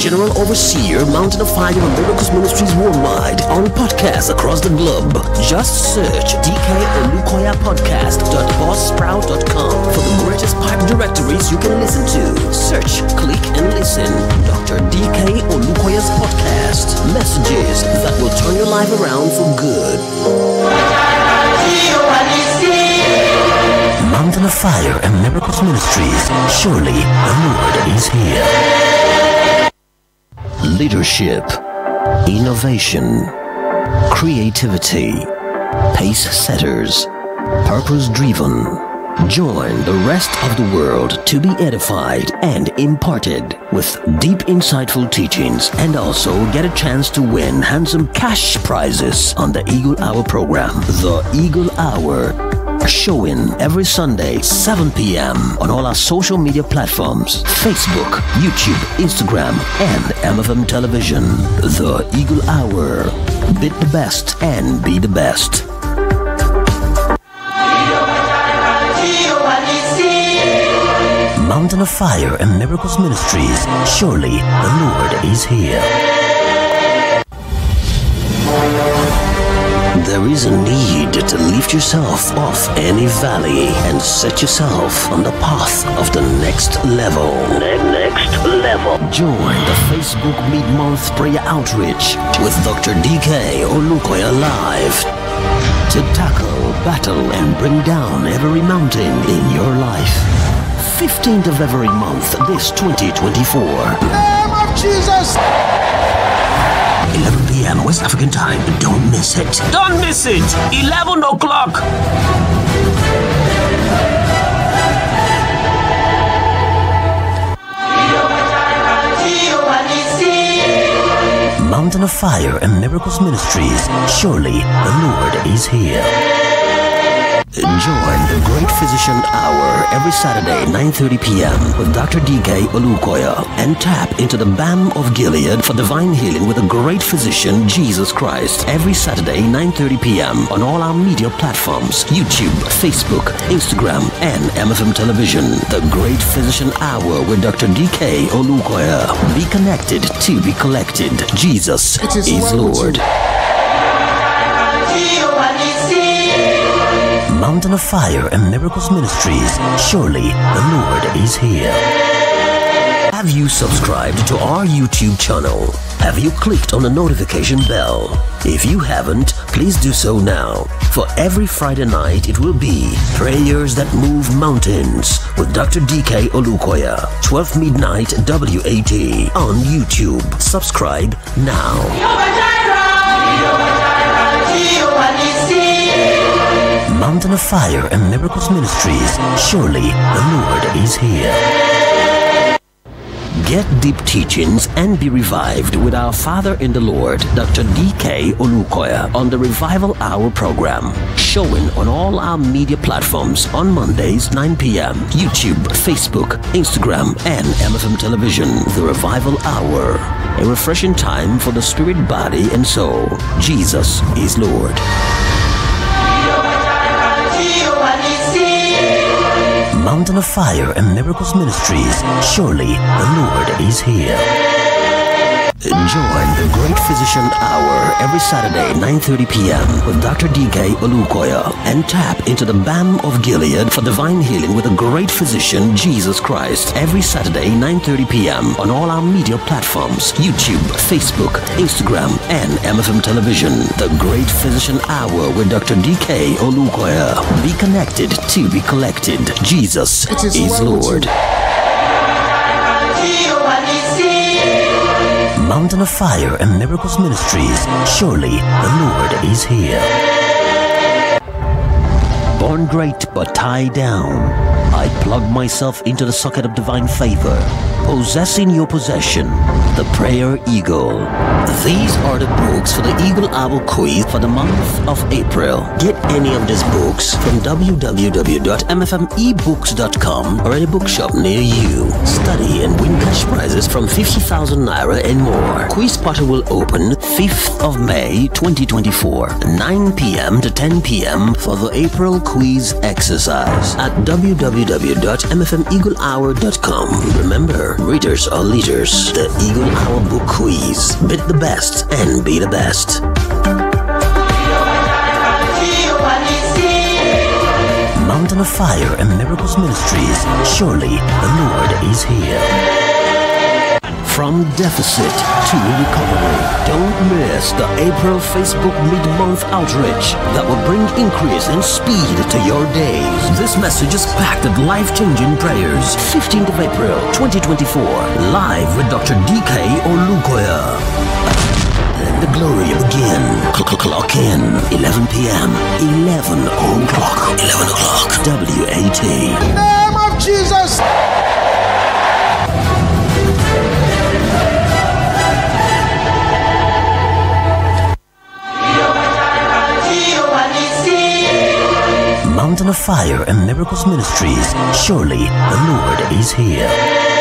General Overseer, Mountain of Fire and Miracles Ministries worldwide on podcasts across the globe. Just search DK Olukoya Podcast.bossprout.com for the greatest pipe directories you can listen to. Search, click, and listen. Dr. DK Olukoya's podcast. Messages that will turn your life around for good. Mountain of Fire and Miracles Ministries. Surely the Lord is here leadership, innovation, creativity, pace setters, purpose driven. Join the rest of the world to be edified and imparted with deep insightful teachings and also get a chance to win handsome cash prizes on the Eagle Hour program. The Eagle Hour showing every Sunday, 7 p.m. on all our social media platforms Facebook, YouTube, Instagram, and MFM Television, The Eagle Hour. Bid the best and be the best. Mountain of Fire and Miracles Ministries. Surely the Lord is here. there is a need to lift yourself off any valley and set yourself on the path of the next level. Next level. Join the Facebook mid-month prayer outreach with Dr. DK Olukoya Live to tackle, battle, and bring down every mountain in your life. 15th of every month, this 2024. In the name of Jesus! 11 p.m. West African time. Don't miss it. Don't miss it. 11 o'clock. Mountain of Fire and Miracles Ministries. Surely the Lord is here. Join the Great Physician Hour every Saturday, 9.30 p.m. with Dr. DK Olukoya and tap into the BAM of Gilead for divine healing with the great physician, Jesus Christ, every Saturday, 9.30 p.m. on all our media platforms, YouTube, Facebook, Instagram, and MFM Television. The Great Physician Hour with Dr. DK Olukoya. Be connected to be collected. Jesus is Lord. Mountain of Fire and Miracles Ministries. Surely the Lord is here. Have you subscribed to our YouTube channel? Have you clicked on the notification bell? If you haven't, please do so now. For every Friday night, it will be Prayers That Move Mountains with Dr. DK Olukoya, 12 midnight WAT on YouTube. Subscribe now. Mountain of Fire and Miracles Ministries. Surely the Lord is here. Get deep teachings and be revived with our Father in the Lord, Dr. D.K. Olukoya, on the Revival Hour program. Showing on all our media platforms on Mondays, 9 p.m. YouTube, Facebook, Instagram, and MFM Television. The Revival Hour. A refreshing time for the spirit, body, and soul. Jesus is Lord. Mountain of Fire and Miracles Ministries. Surely the Lord is here. Join the Great Physician Hour every Saturday, 9.30 p.m. with Dr. D.K. Olukoya and tap into the BAM of Gilead for divine healing with the great physician, Jesus Christ. Every Saturday, 9.30 p.m. on all our media platforms, YouTube, Facebook, Instagram, and MFM Television. The Great Physician Hour with Dr. D.K. Olukoya. Be connected to be collected. Jesus it is, is Lord. Fountain of Fire and Miracles Ministries. Surely the Lord is here. Born great but tied down, I plug myself into the socket of divine favor, possessing your possession, the Prayer Eagle. These are the books for the Eagle Owl Quiz for the month of April. Get any of these books from www.mfmebooks.com or at a bookshop near you. Study and win cash prizes from 50,000 Naira and more. Quiz Potter will open 5th of May 2024, 9 p.m. to 10 p.m. for the April Quiz please exercise at www.mfmeaglehour.com. Remember, readers are leaders. The Eagle Hour Book Quiz. Bid the best and be the best. Mountain of Fire and Miracles Ministries. Surely the Lord is here. From deficit to recovery. Don't miss the April Facebook mid-month outreach that will bring increase and in speed to your days. This message is packed with life-changing prayers. 15th of April, 2024. Live with Dr. DK Olukoya. Let the glory begin. Clock in. 11 p.m. 11 o'clock. 11 o'clock. WAT. In the name of Jesus. Mountain of Fire and Miracles Ministries. Surely the Lord is here.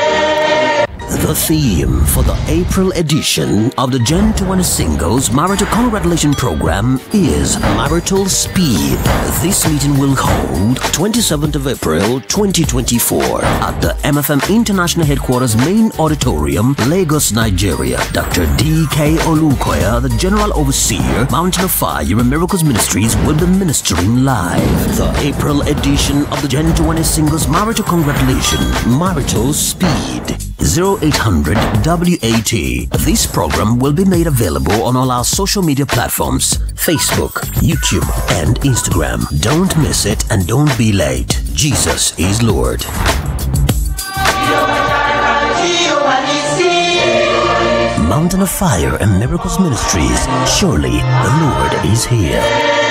The theme for the April edition of the Gen 21 Singles Marital Congratulation Program is Marital Speed. This meeting will hold 27th of April 2024 at the MFM International Headquarters Main Auditorium, Lagos, Nigeria. Dr. D.K. Olukoya, the General Overseer, Mountain of Fire and Miracles Ministries will be ministering live. The April edition of the Gen 21 Singles Marital Congratulation Marital Speed 08 800 WAT. This program will be made available on all our social media platforms Facebook, YouTube, and Instagram. Don't miss it and don't be late. Jesus is Lord. Mountain of Fire and Miracles Ministries. Surely the Lord is here.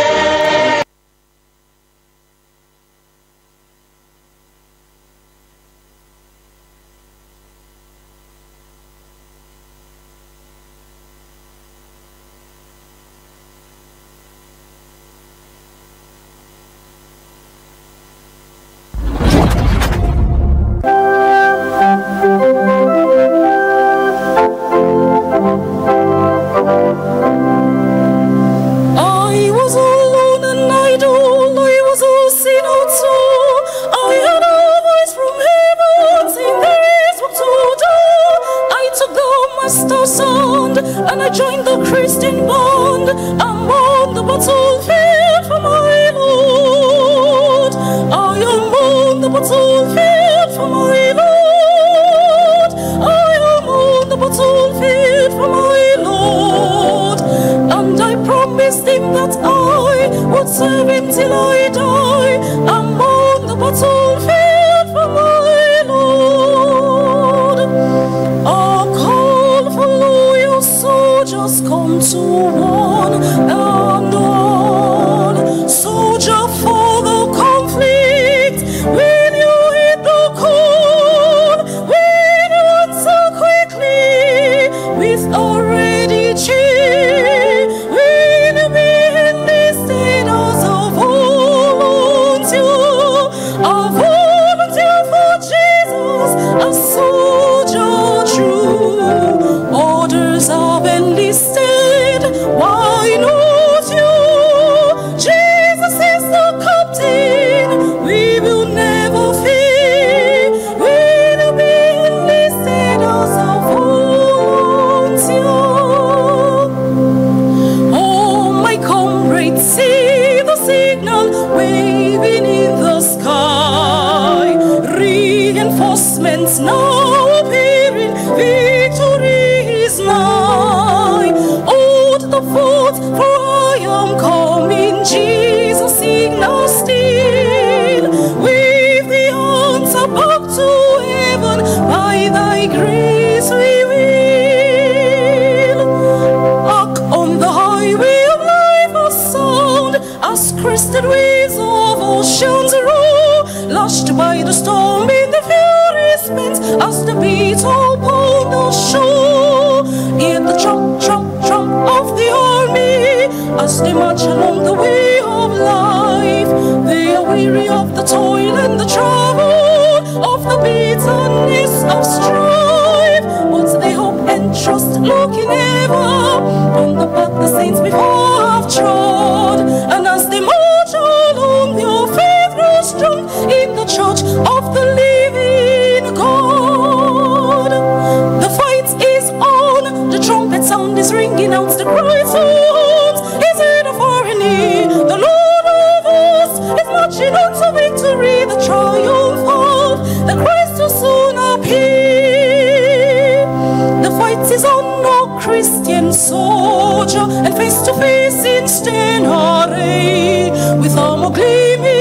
proclaiming.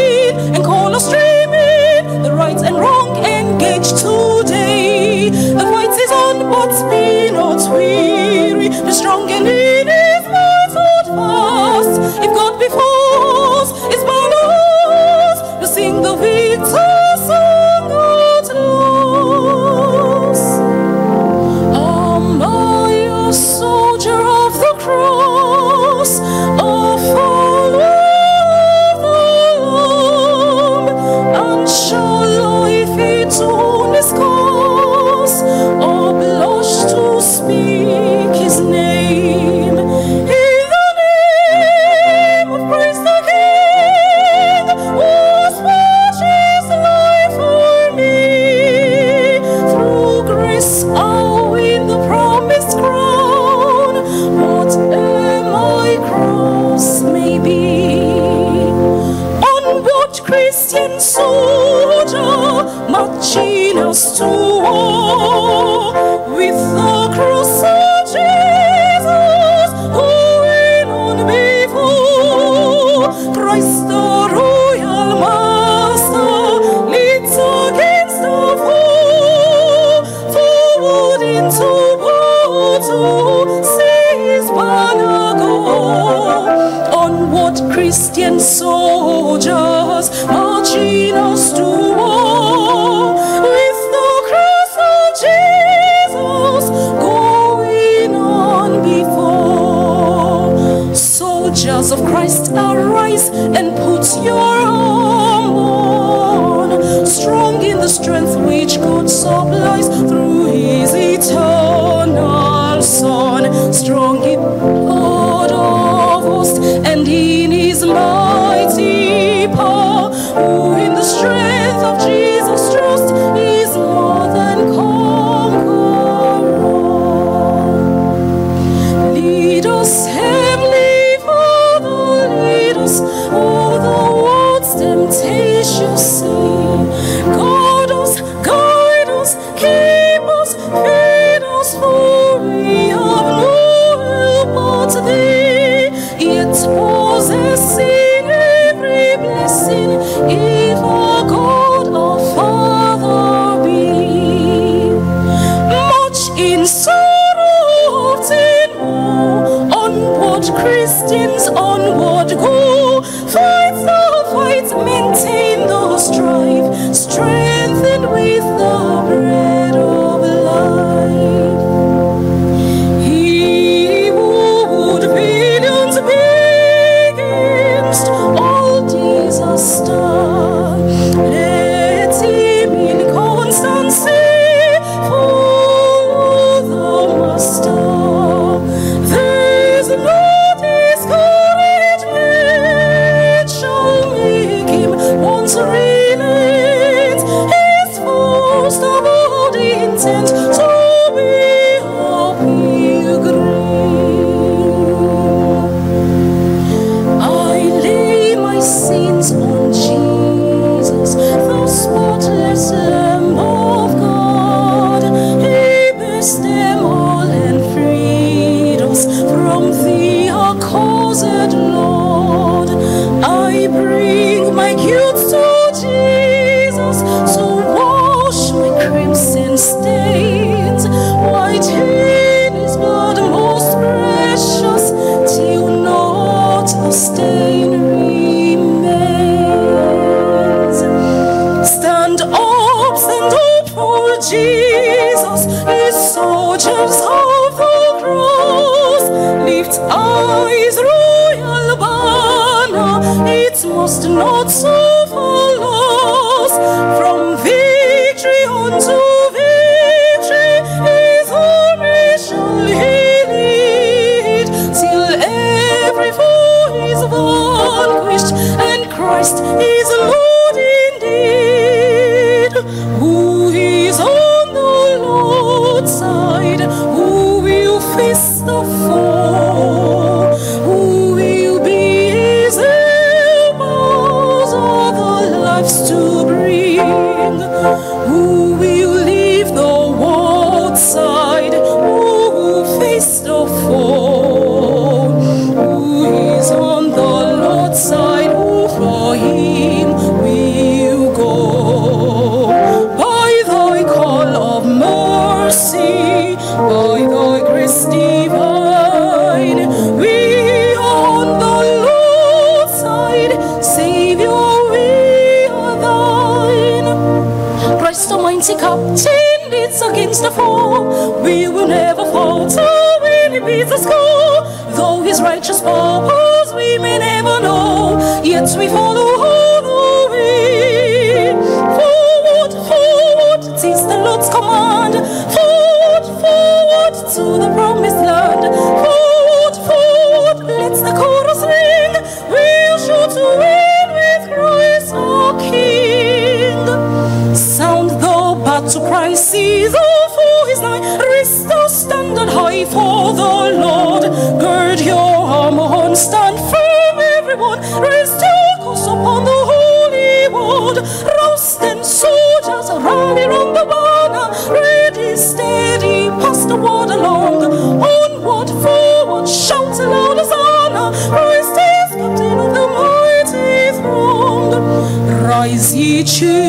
teach you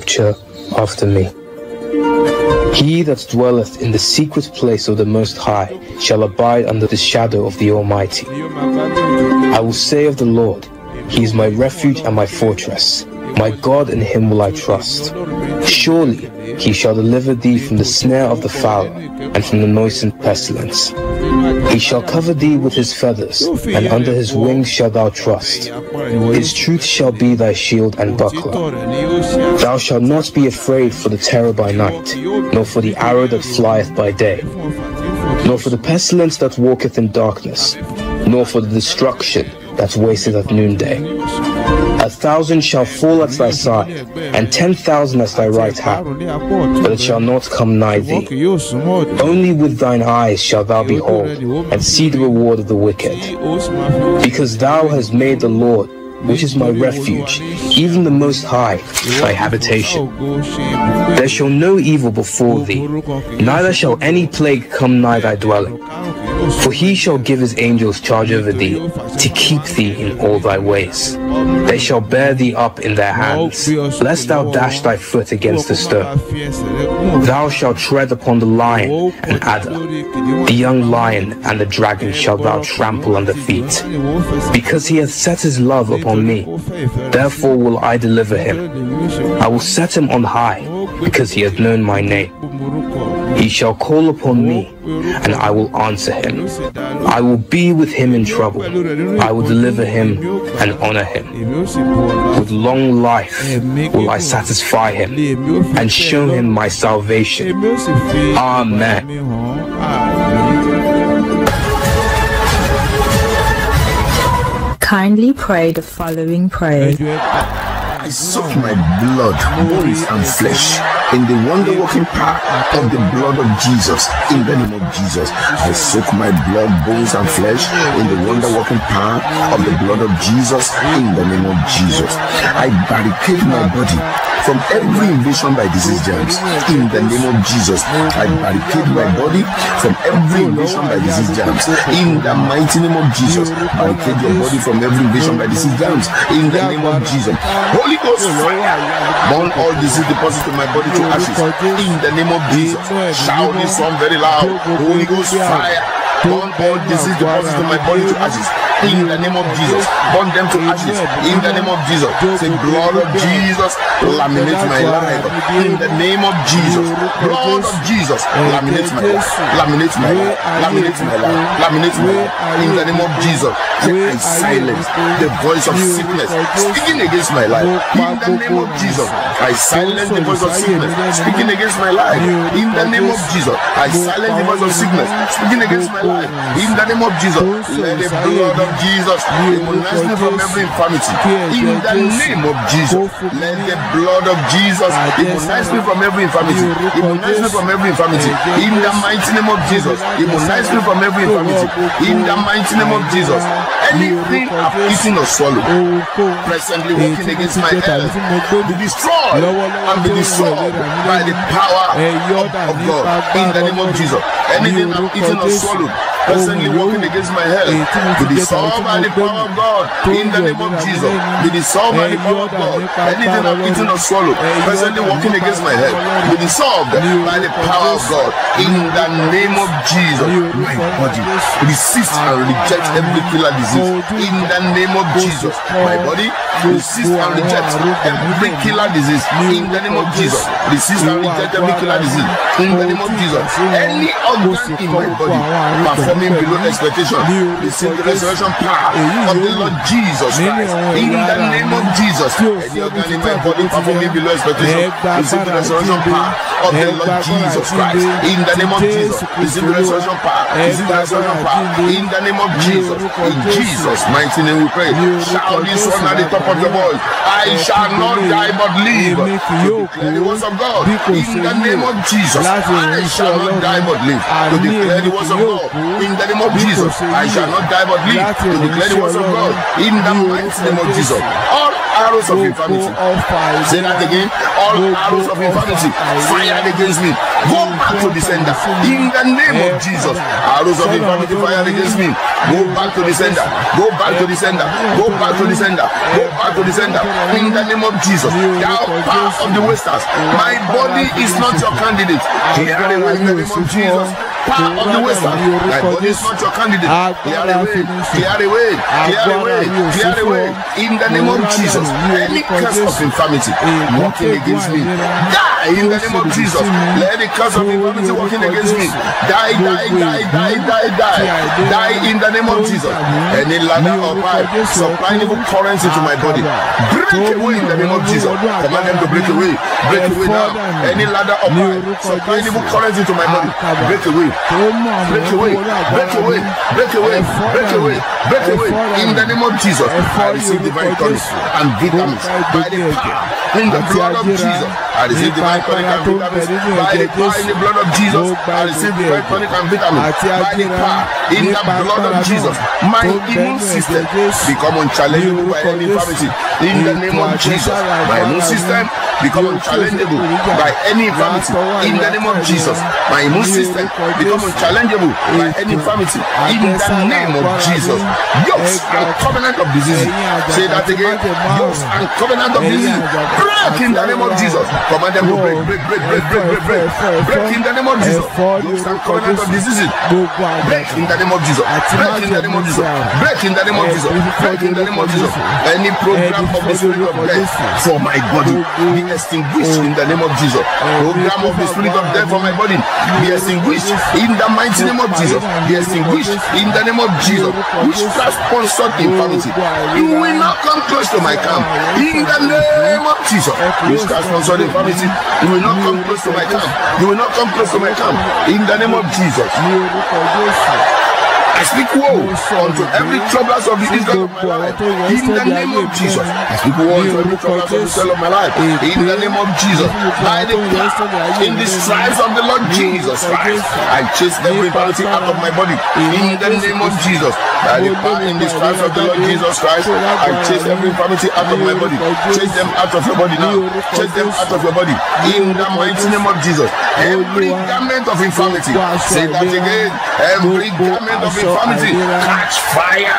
scripture after me. He that dwelleth in the secret place of the Most High shall abide under the shadow of the Almighty. I will say of the Lord, He is my refuge and my fortress. My God in him will I trust. Surely he shall deliver thee from the snare of the fowler and from the noisome pestilence. He shall cover thee with his feathers, and under his wings shalt thou trust. His truth shall be thy shield and buckler. Thou shalt not be afraid for the terror by night, nor for the arrow that flieth by day, nor for the pestilence that walketh in darkness, nor for the destruction that wasteth at noonday. A thousand shall fall at thy side, and ten thousand at thy right hand, but it shall not come nigh thee. Only with thine eyes shalt thou behold, and see the reward of the wicked. Because thou hast made the Lord, which is my refuge, even the Most High, thy habitation. There shall no evil befall thee, neither shall any plague come nigh thy dwelling. For he shall give his angels charge over thee, to keep thee in all thy ways. They shall bear thee up in their hands, lest thou dash thy foot against a stone. Thou shalt tread upon the lion and adder, the young lion and the dragon shalt thou trample under feet. Because he hath set his love upon me, therefore will I deliver him. I will set him on high, because he hath known my name. He shall call upon me, and I will answer him. I will be with him in trouble. I will deliver him and honor him. With long life will I satisfy him and show him my salvation. Amen. Kindly pray the following prayer. I suck my blood, bones, and flesh in the wonder working power of the blood of Jesus. In the name of Jesus, I soak my blood, bones, and flesh in the wonder working power of the blood of Jesus. In the name of Jesus, I barricade my body from every invasion by disease germs. In the name of Jesus, I barricade my body from every invasion by disease germs. In the mighty name of Jesus, barricade your body from every invasion by disease germs. In the name of Jesus, Holy Ghost burn all disease deposits in my body to ashes in the name of Jesus. Shout this one very loud. Holy Ghost fire. Burn all disease deposits in my body to ashes. in the name of Jesus. Burn them to ashes in the name of Jesus. Say, blood of Jesus, laminate my life in the name of Jesus. Blood of Jesus, laminate my life, laminate my life, laminate my life, laminate my life in the name of Jesus. I silence the voice of sickness speaking against my life in the name of Jesus. I silence the voice of sickness speaking against my life in the name of Jesus. I silence the voice of sickness speaking against my life in the name of Jesus. Let the blood of Jesus, we will not from every infirmity. In the name of Jesus, let the blood of Jesus immunize ah, me from every infirmity. Immunize me from every infirmity. In the mighty name of Jesus, immunize me from every infirmity. In the mighty name of Jesus, anything I've eaten or swallowed, oh, presently working against my health, be destroyed and be destroyed by the power of, of God. In the name of Jesus, anything I've eaten or swallowed personally walking against my health be dissolved by the power of God in the name of Jesus be dissolved by the power of God anything I've eaten or swallowed personally walking against my health be dissolved by the power of God in the name of Jesus my body resist and reject every killer disease in the name of Jesus my body resist and reject every killer disease in the name of Jesus resist and reject every killer disease in the name of Jesus any organ in my body perform coming below expectation. The resurrection power of the Lord Jesus Christ. In the name of Jesus, any organ in my body performing below expectation, receive the resurrection power of the Lord Jesus Christ. In the name of Jesus, receive the resurrection power. Receive the resurrection power. In the name of Jesus, in Jesus' mighty name we pray. Shout this one at the top of your voice. I shall not die but live. To declare the words of God. In the name of Jesus, I shall not die but live. To declare the words of God in the name of Jesus. I shall not die but live to declare the words of God in the mighty name of Jesus. All arrows of infirmity, say that again. All arrows of infirmity fired against me. Go back to the sender in the name of Jesus. Arrows of infirmity fired against me. Go back to the sender. Go back to the sender. Go back to the sender. Go back to the sender in the name of Jesus. Thou power of the wasters, my body is not your candidate. in the name of Jesus. power of the wisdom. Like, but this not your candidate. Clear the way. Clear the way. Clear the way. Clear the way. In the name of Jesus, any curse of infirmity working oh, against me, die in the name of Jesus. Let the curse of infirmity working against me die, die, die, die, die, die, die in the name of Jesus. Any ladder or pipe supplying evil currents into my body, break away in the name of Jesus. Command them to break away. Break away now. Any ladder or pipe oh, supplying evil currents into my ah, body, break away. Break away, break away, break away, break away, break away. In the name of Jesus, I receive divine tonic and vitamins by the power in the blood of Jesus. I receive divine tonic and vitamins by the power in the blood of Jesus. I receive divine tonic and vitamins by the power in the blood of Jesus. My immune system become unchallengeable by any infirmity in the name of Jesus. My immune system become unchallengeable by any infirmity in the name of Jesus. My immune system become unchallengeable by any infirmity in the name of Jesus. Yokes and covenant of disease. Say that again. Yokes and covenant of disease. Break in the name of Jesus. Command them to break, break, break, break, break, break, break. Break in the name of Jesus. You stand covenant of diseases. Break in the name of Jesus. Break in the name of Jesus. Break in the name of Jesus. Break in the name of Jesus. Any program of the spirit of death for my body be extinguished in the name of Jesus. Program of the spirit of death for my body be extinguished in the mighty name of Jesus. Be extinguished in the name of Jesus. Which Witchcraft sponsored infirmity. You will not come close to my camp in the name of Jesus. Which Witchcraft sponsored infirmity. promises. You will not come close to my camp. You will not come close to my camp. In the name of Jesus. I speak woe oh, unto every trouble of the Israel of my life. In the name of Jesus. I speak woe unto every trouble of the Israel of my life. In the name of Jesus. By the blood, in the stripes of the Lord Jesus Christ, I chase every infirmity out of my body. In the name of Jesus. By the power in the stripes of the Lord Jesus Christ, I chase every infirmity out of my body. Chase them out of your body now. Chase them out of your body. In the mighty name of Jesus. Oh, every garment of infirmity. Say that again. Every garment of infirmity infirmity catch fire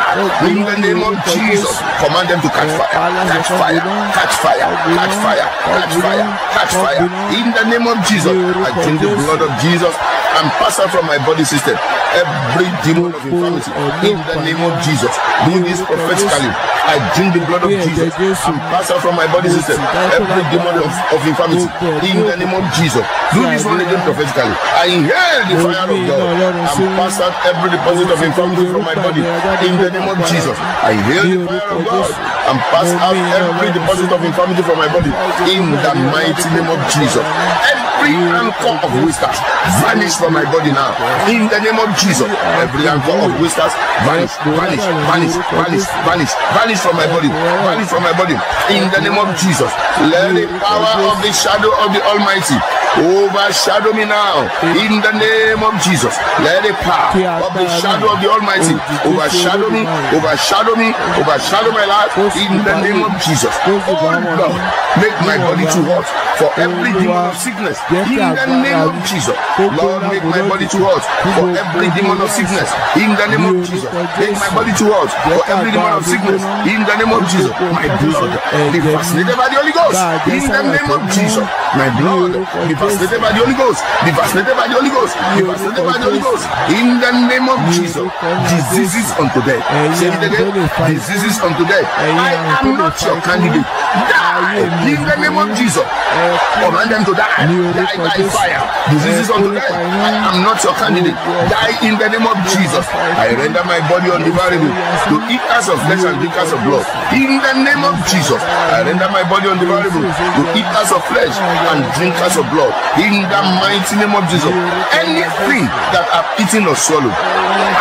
in the name of Jesus. Command them to catch fire, catch fire, catch fire, catch fire, catch fire, catch fire. In the name of Jesus, I drink the blood of Jesus. and pass out from my body system. Every demon of infirmity, in the name of Jesus, do this prophetically. I drink the blood of Jesus and pass out from my body system. Every demon of, of infirmity, in the name of Jesus, do this one again prophetically. I inhale the fire of God and pass out every deposit of infirmity from my body, in the name of Jesus. I inhale the fire of God and pass out every deposit of infirmity from my body, in the mighty name of Jesus. Every every anchor of wasters vanish from my body now in the name of jesus every anchor of wasters vanish vanish vanish vanish vanish vanish from my body vanish from my body in the name of jesus let the power of the shadow of the almighty Overshadow me now in the name of Jesus. Let the power of the shadow of the Almighty overshadow me, overshadow me, overshadow my life in the name of Jesus. Oh Lord, make my body too hot for every demon of sickness in the name of Jesus. Lord, make my body too hot for every demon of sickness in the name of Jesus. Make my body too hot for every demon of sickness in the name of Jesus. My blood eh, be fascinated by the Holy Ghost in the name of Jesus. My blood be vaccinated by the Holy Ghost. Be vaccinated by the Holy Ghost. Be by the Holy Ghost. In the name of Jesus. Diseases unto death. Say it again. Diseases unto death. I am not your candidate. Die. In the name of Jesus. Command them to die. Die by fire. Diseases unto death. I am not your candidate. Die in the name of Jesus. I render my body undividable to eat as of flesh and drink as of blood. In the name of Jesus. I render my body undividable to eat as of flesh and drink as of blood. in the mighty name of Jesus. Anything that I've eaten or swallowed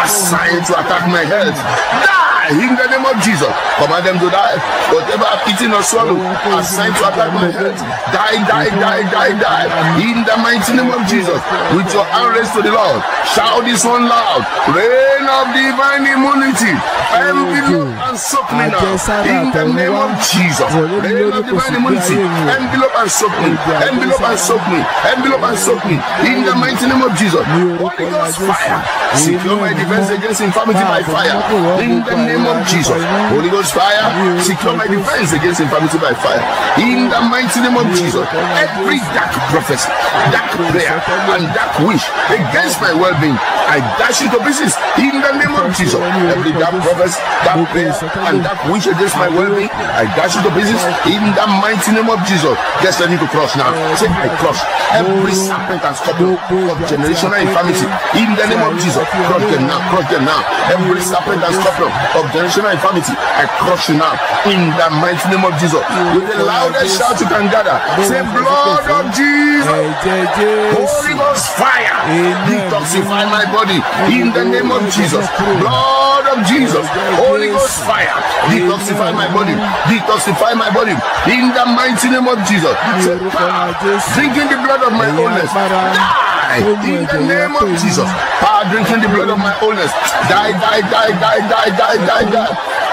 assigned to attack my health, die in the name of Jesus. Command them to die. Whatever I've eaten or swallowed assigned to attack my health, die, die, die, die, die. In the mighty name of Jesus, with your hand raised to the Lord, shout this one loud. Reign of divine immunity. Envy. and supplement her in the name of Jesus. Envelope and soak me, Envelope and supplement. Envelope and supplement. In the mighty name of Jesus. Holy Ghost fire. Secure my defense against infirmity by fire. In the name of Jesus. Holy Ghost fire. Secure my defense against infirmity by fire. In the mighty name of Jesus. Every dark prophecy, dark prayer, and dark wish against my well-being, I dash into to pieces. In the name of Jesus. Every dark prophecy, dark prayer, and that which against my wellbeing, I dash into business in that mighty name of Jesus. Just I need to cross now. Say, I cross every serpent and scorpion of generational infirmity in the name of Jesus. Cross them now, cross them now. Every serpent and scorpion of generational infirmity, I cross you now in the mighty name of Jesus. With the loudest shout you can gather, say, Blood of Jesus, Holy Ghost fire, detoxify my body in the name of Jesus. Blood of Jesus, Holy Ghost fire fire. Detoxify my body. Detoxify my body. In the mighty name of Jesus. Ah, drinking the blood of my owners die oh in the name of Jesus. Power drinking the blood of my owners. Die, die, die, die, die, die, die, die.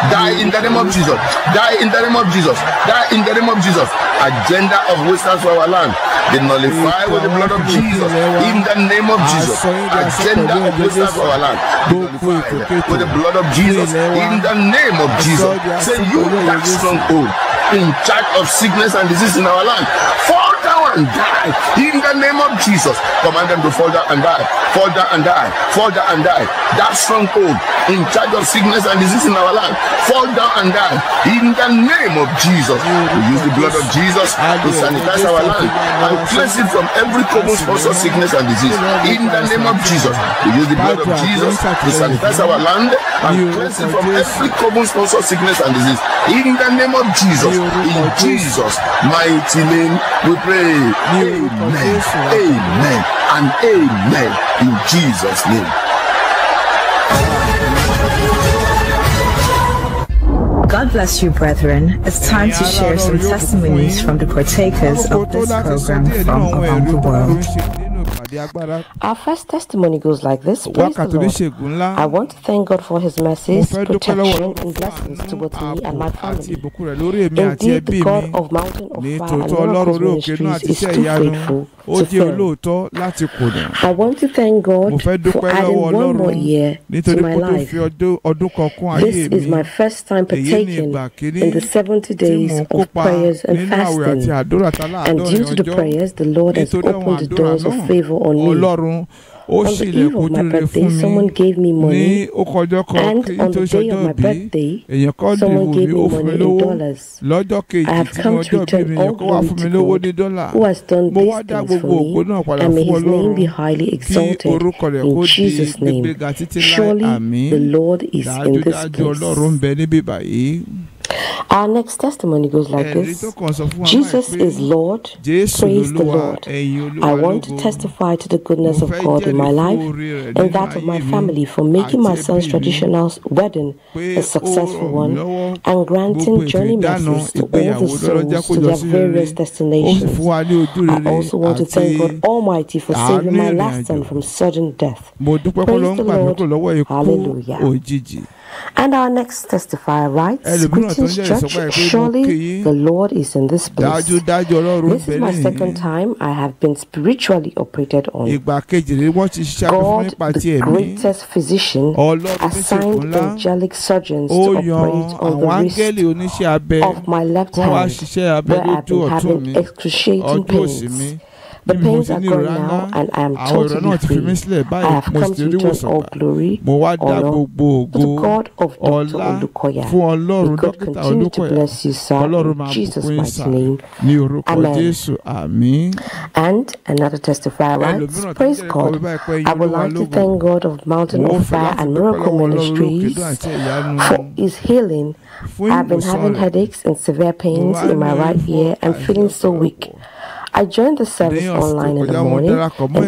Die in the name of Jesus. Die in the name of Jesus. Die in the name of Jesus. Agenda of wasters for our land. They nullify with the blood of Jesus. In the name of Jesus. Agenda of wasters for our land. With the blood of Jesus. In the name of Jesus. Say you that stronghold in charge of sickness and disease in our land. Fall Now and die in the name of Jesus. Command them to fall down and die, fall down and die, fall down and die. That stronghold in charge of sickness and disease in our land, fall down and die in the name of Jesus. We use the blood of Jesus to sanitize our land and cleanse it from every common sponsor sickness and disease in the name of Jesus. We use the blood of Jesus to sanitize our land and cleanse it from every common sponsor sickness and disease in the name of Jesus. In Jesus' mighty name, we pray. Amen. Amen. And amen. In Jesus' name. God bless you, brethren. It's time to share some testimonies from the partakers of this program from around the world. Our first testimony goes like this. Praise the Lord. I want to thank God for His mercies, protection, and blessings towards me and my family. Indeed, the God of Mountain of Fire and Lord of Ministries is too faithful to fail. I want to thank God for adding one more year to my life. This is my first time partaking in the 70 days of prayers and fasting. And due to the prayers, the Lord has opened the doors of favor on me. On the eve of my birthday, someone gave me money, and on the day of my birthday, someone gave me money in dollars. I have come to return all glory to God, who has done these things for me, and may His name be highly exalted in Jesus' name. Surely the Lord is in this place. Our next testimony goes like this Jesus is Lord. Praise the Lord. I want to testify to the goodness of God in my life and that of my family for making my son's traditional wedding a successful one and granting journey blessings to all the souls to their various destinations. I also want to thank God Almighty for saving my last son from sudden death. Praise the Lord. Hallelujah. And our next testifier writes, Greetings, church. Surely the Lord is in this place. This is my second time I have been spiritually operated on. God, the greatest physician, assigned angelic surgeons to operate on the wrist of my left hand, where I've been having excruciating pains. The pains are gone now and I am totally free. I have come to give all glory, honor to the God of Dr. Olukoya. May God continue to bless you, sir, in Jesus' mighty name. Amen. And another testifier writes, Praise God. I would like to thank God of Mountain of Fire and Miracle Ministries for his healing. I've been having headaches and severe pains in my right ear and feeling so weak. I joined the service online in the morning, and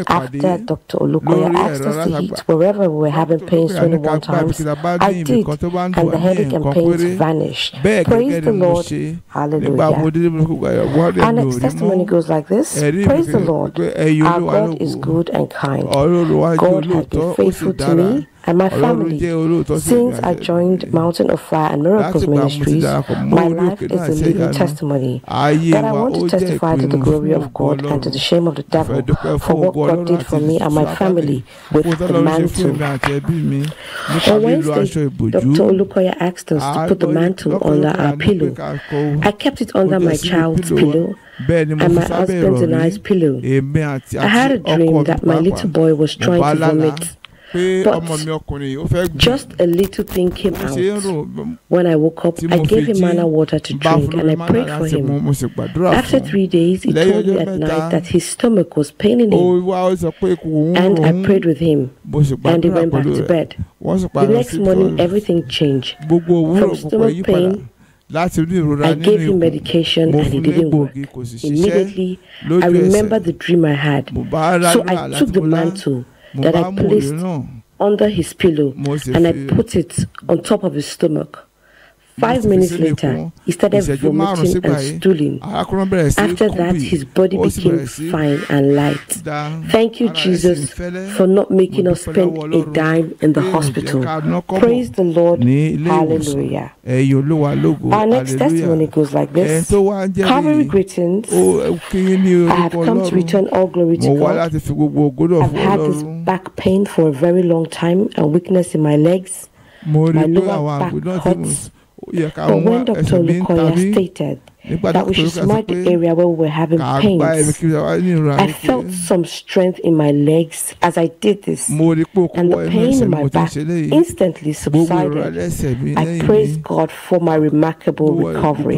after Dr. Olukoya asked us to hit wherever we were having pains 21 times, I did, and the headache and pains vanished. Praise the Lord. Hallelujah. Our next testimony goes like this Praise the Lord. Our God is good and kind. God has been faithful to me and my family. Since I joined Mountain of Fire and Miracles Ministries, my life is a living testimony that I want to testify to the glory of God and to the shame of the devil for what God did for me and my family with the mantle. On Wednesday, Dr. Olukoya asked us to put the mantle under our pillow. I kept it under my child's pillow and my husband's and pillow. I had a dream that my little boy was trying to vomit. But just a little thing came out. When I woke up, I gave him manna water to drink and I prayed for him. After three days, he told me at night that his stomach was paining him. And I prayed with him and he went back to bed. The next morning, everything changed. From stomach pain, I gave him medication and it didn't work. Immediately, I remember the dream I had. So I took the mantle that I placed under his pillow and I eh, put it on top of his stomach. Five minutes later, he started vomiting and stooling. After that, his body became fine and light. Thank you, Jesus, for not making us spend a dime in the hospital. Praise the Lord. Hallelujah. Our next testimony goes like this Calvary greetings. I have come to return all glory to God. I've had this back pain for a very long time and weakness in my legs. My lower back hurts. ya kaumwa, stated that was is not the area where we were having pains. I felt some strength in my legs as I did this, and the pain in my back instantly subsided. I praise God for my remarkable recovery.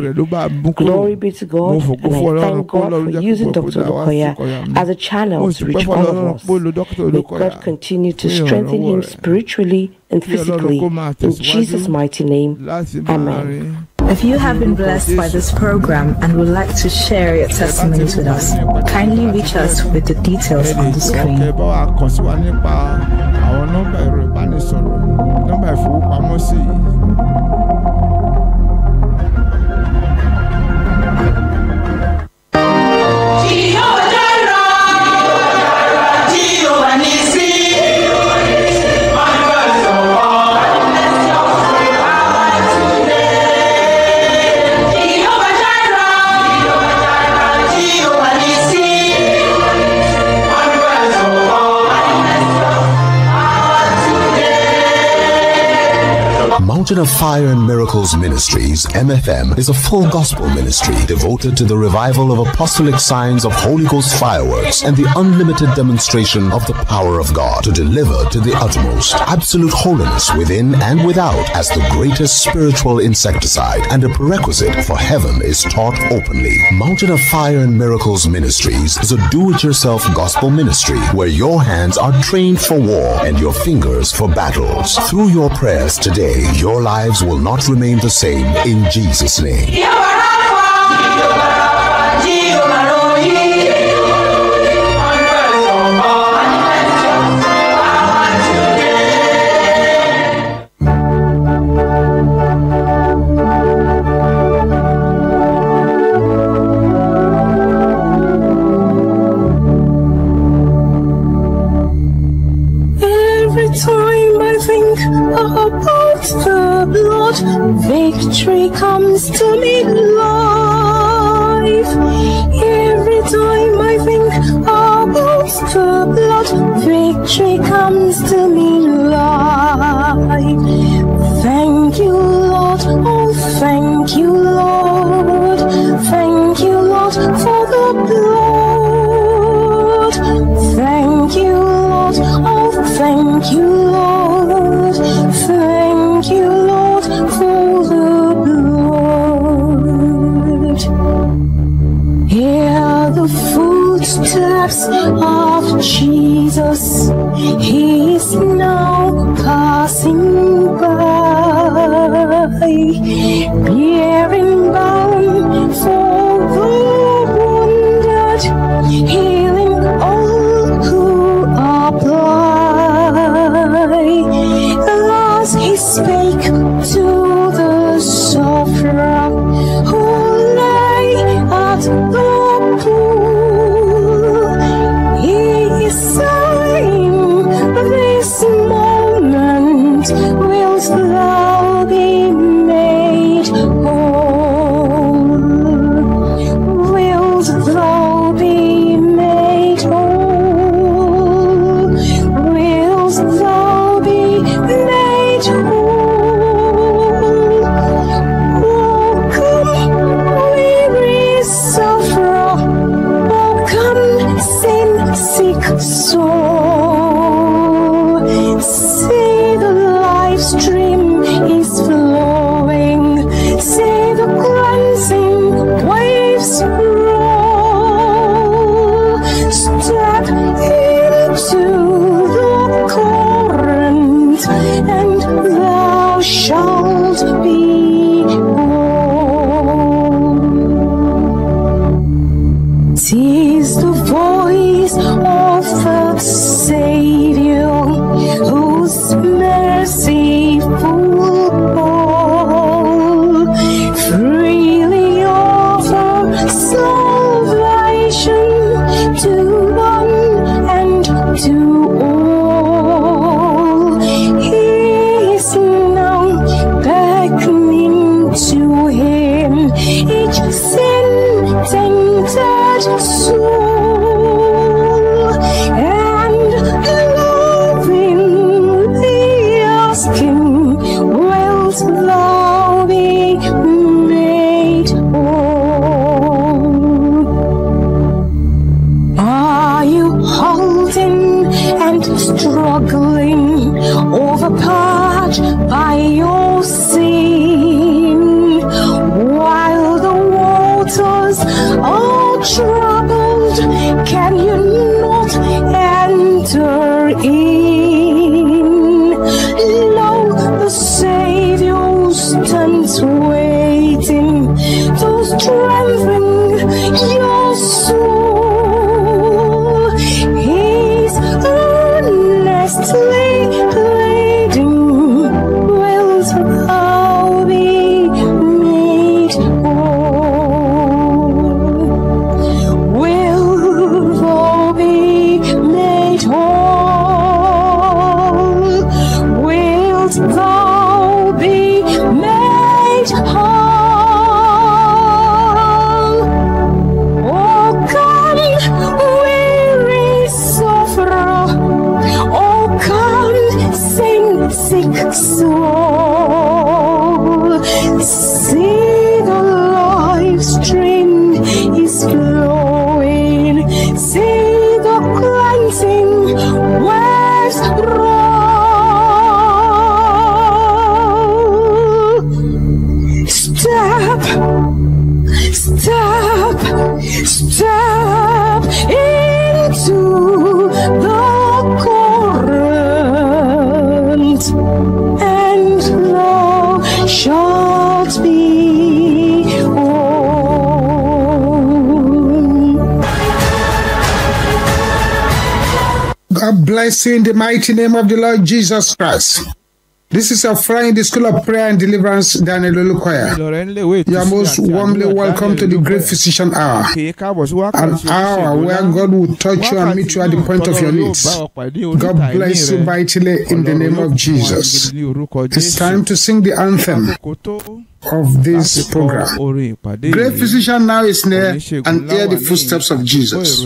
Glory be to God, and I thank God for using Dr. Lukoya as a channel to reach all of us. May God continue to strengthen him spiritually and physically. In Jesus' mighty name, Amen. If you have been blessed by this program and would like to share your testimonies with us, kindly reach us with the details on the screen. Mountain of Fire and Miracles Ministries, MFM, is a full gospel ministry devoted to the revival of apostolic signs of Holy Ghost fireworks and the unlimited demonstration of the power of God to deliver to the uttermost absolute holiness within and without as the greatest spiritual insecticide and a prerequisite for heaven is taught openly. Mountain of Fire and Miracles Ministries is a do it yourself gospel ministry where your hands are trained for war and your fingers for battles. Through your prayers today, your your lives will not remain the same in Jesus' name. Victory comes to me life. Every time I think about the blood, victory comes to me life. Thank you, Lord. Oh, thank you. in the mighty name of the Lord Jesus Christ. This is a friend, the School of Prayer and Deliverance, Daniel Olukoya. You are most warmly welcome to the Great Physician Hour, an hour where God will touch you and meet you at the point of your needs. God bless you mightily in the name of Jesus. It's time to sing the anthem of this program. Great Physician now is near and hear the footsteps of Jesus.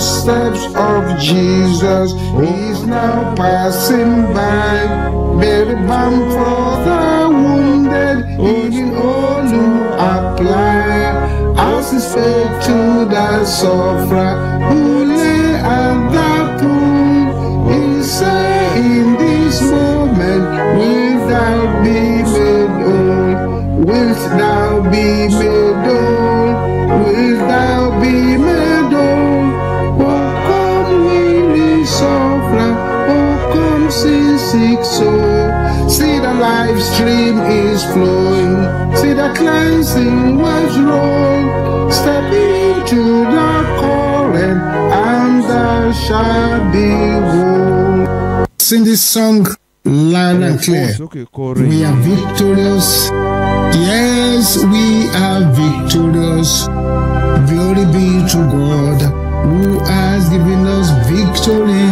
footsteps of Jesus. He's now passing by. Baby, balm for the wounded, healing all who apply. As his faith to the sufferer. stream is flowing. See the cleansing waves roll. Step into the current, and thou shall be whole. Sing this song loud and clear. We are victorious. Yes, we are victorious. Glory be to God who has given us victory.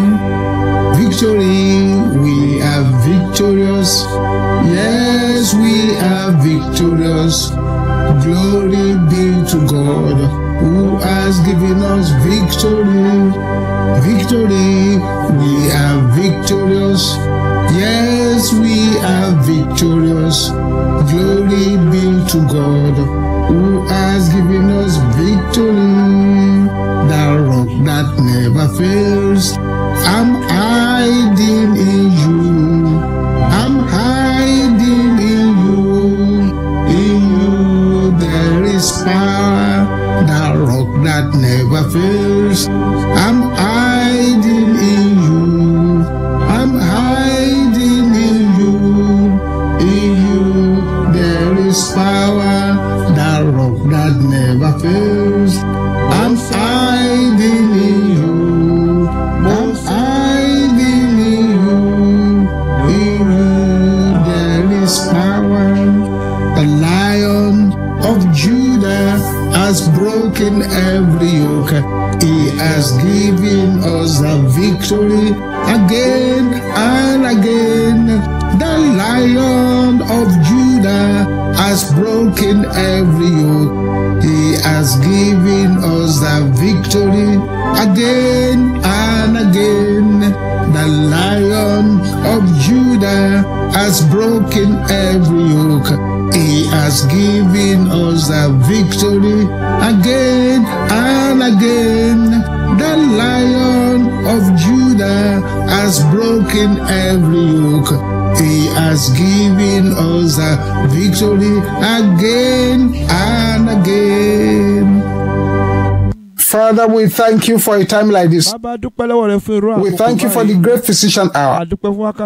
Victory are victorious. Yes, we are victorious. Glory be to God who has given us victory. Victory, we are victorious. Yes, we are victorious. Glory be to God who has given us victory, The rock that never fails. I'm hiding in you. fears. us the victory again and again. The Lion of Judah has broken every yoke. He has given us the victory again and again. The Lion of Judah has broken every yoke. He has given us the victory again and again the lion of Judah has broken every yoke. He has given us a victory again and again. Father, we thank you for a time like this. We thank you for the great physician hour.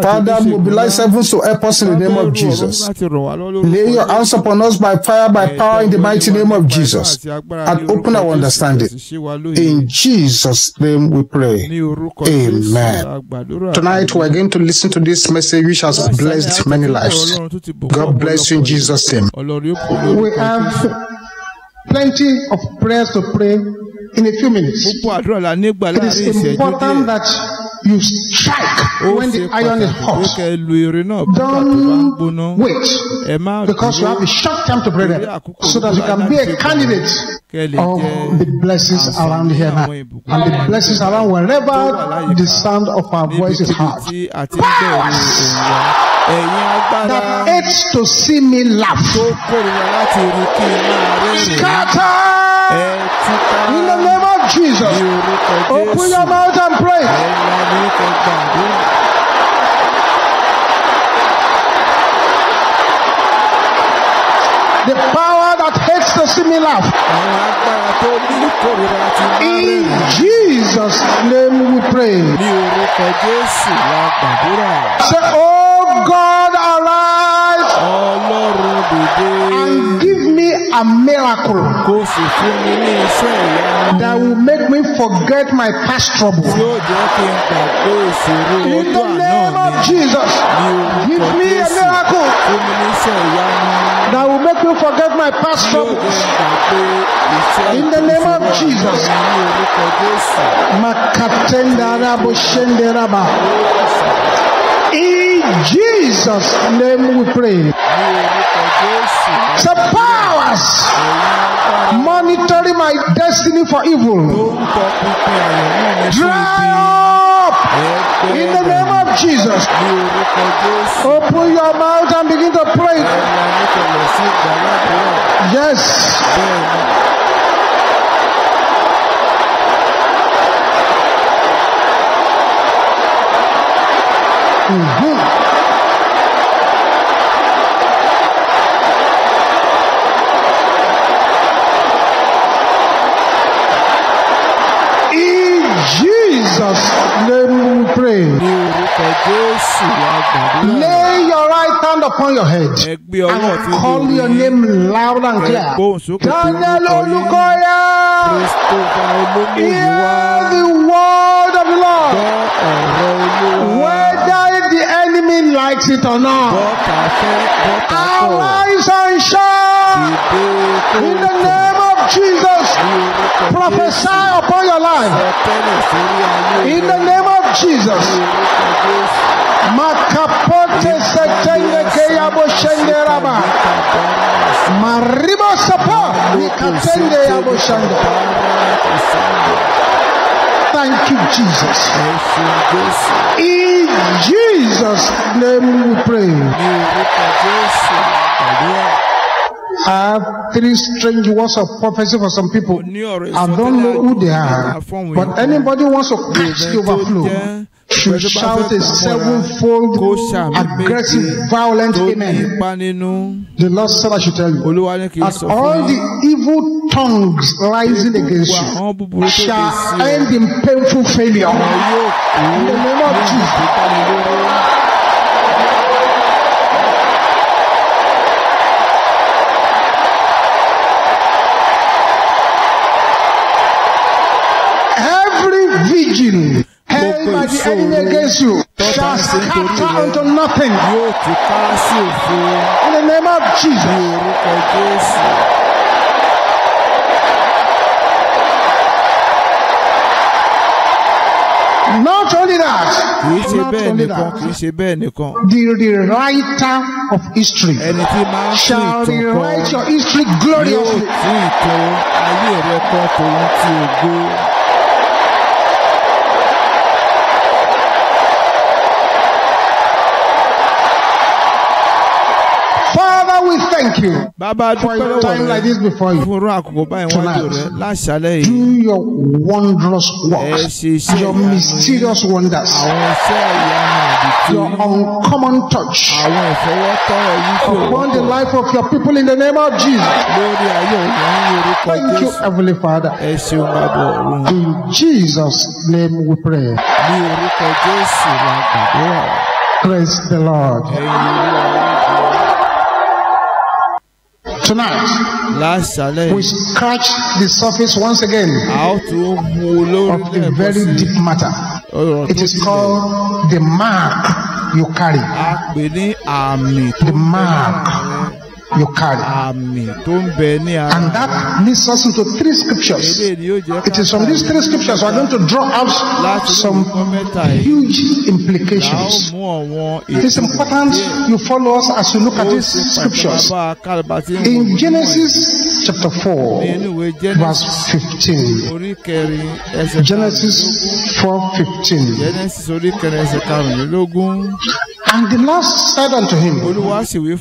Father, mobilize servants to help us in the name of Jesus. Lay your hands upon us by fire, by power, in the mighty name of Jesus, and open our understanding. In Jesus' name we pray. Amen. Tonight, we're going to listen to this message which has blessed many lives. God bless you in Jesus' name. We have plenty of prayers to pray in a few minutes. Púpọ̀ àdúrà la nígbà láàrin ìṣẹ́jú díẹ̀. It is important that you strike when the iron is hot. Ó ṣe pàtàkì kẹ́ lu irin náà Don't wait because you have a short time to pray them so that you can be a candidate of the blessings around here now and the blessings around wherever the sound of our voice is heard. Powers! that hates to see me laugh. scatter. In the name of Jesus, open your mouth and pray. The power that hates to see me laugh. In Jesus' name we pray. Say, Oh God, arise. Oh, and a miracle that will make me forget my past troubles. in the name of Jesus give me a miracle. that will make me forget my past troubles. in the name of Jesus. ní orúkọ Jésù. makatendara In Jesus' name we pray. Say, powers monitoring my destiny for evil. Dry up in the name of Jesus. Open your mouth and begin to pray. Yes. Mm-hmm. Jesus' name we pray. Lay your right hand upon your head and call your name loud and clear. Daniel Olukoya! Hear the word of the Lord. Whether the enemy likes it or not, arise and shine in the name Jesus, prophesy upon your life. In the name of Jesus. Makapote setenge keyabo shenderaba. Maribo sapa nikatende yabo shanda. Thank you, Jesus. In Jesus' name we pray. I have three strange words of prophecy for some people. I don't know who they are, but anybody wants to catch the overflow should shout a sevenfold aggressive violent amen. The Lord said I should tell you that all the evil tongues rising against you shall end in painful failure. In the name of Jesus. engine by the enemy against you shall scatter unto nothing. in the name of Jesus. ní orúkọ Jésù. Not only that. Kì í ṣe bẹ́ẹ̀ nìkan, kì í ṣe bẹ́ẹ̀ nìkan. The the writer of history. Ẹni tí máa ń fi ìtàn kan. Shall rewrite your history gloriously. Yóò tún ìtàn ayé rẹ kan tòun ti ògo. thank you Baba, for your time like this before you tonight. Do your wondrous works, your mysterious wonders, your uncommon touch upon the life of your people in the name of Jesus. Thank you, Heavenly Father. In Jesus' name we pray. Praise the Lord. Amen. tonight. Lásàlẹ̀. We scratch the surface once again. A ó tún hu Of a very deep matter. Ọ̀rọ̀ It is called the mark you carry. A pè ní àmì tó bẹ̀rẹ̀ The mark you carry. Amen. And that leads us into three scriptures. It is from these three scriptures we are going to draw out some huge implications. It is important you follow us as you look at these scriptures. In Genesis chapter four verse fifteen. Genesis four fifteen. And the Lord said unto him, Therefore, sì wí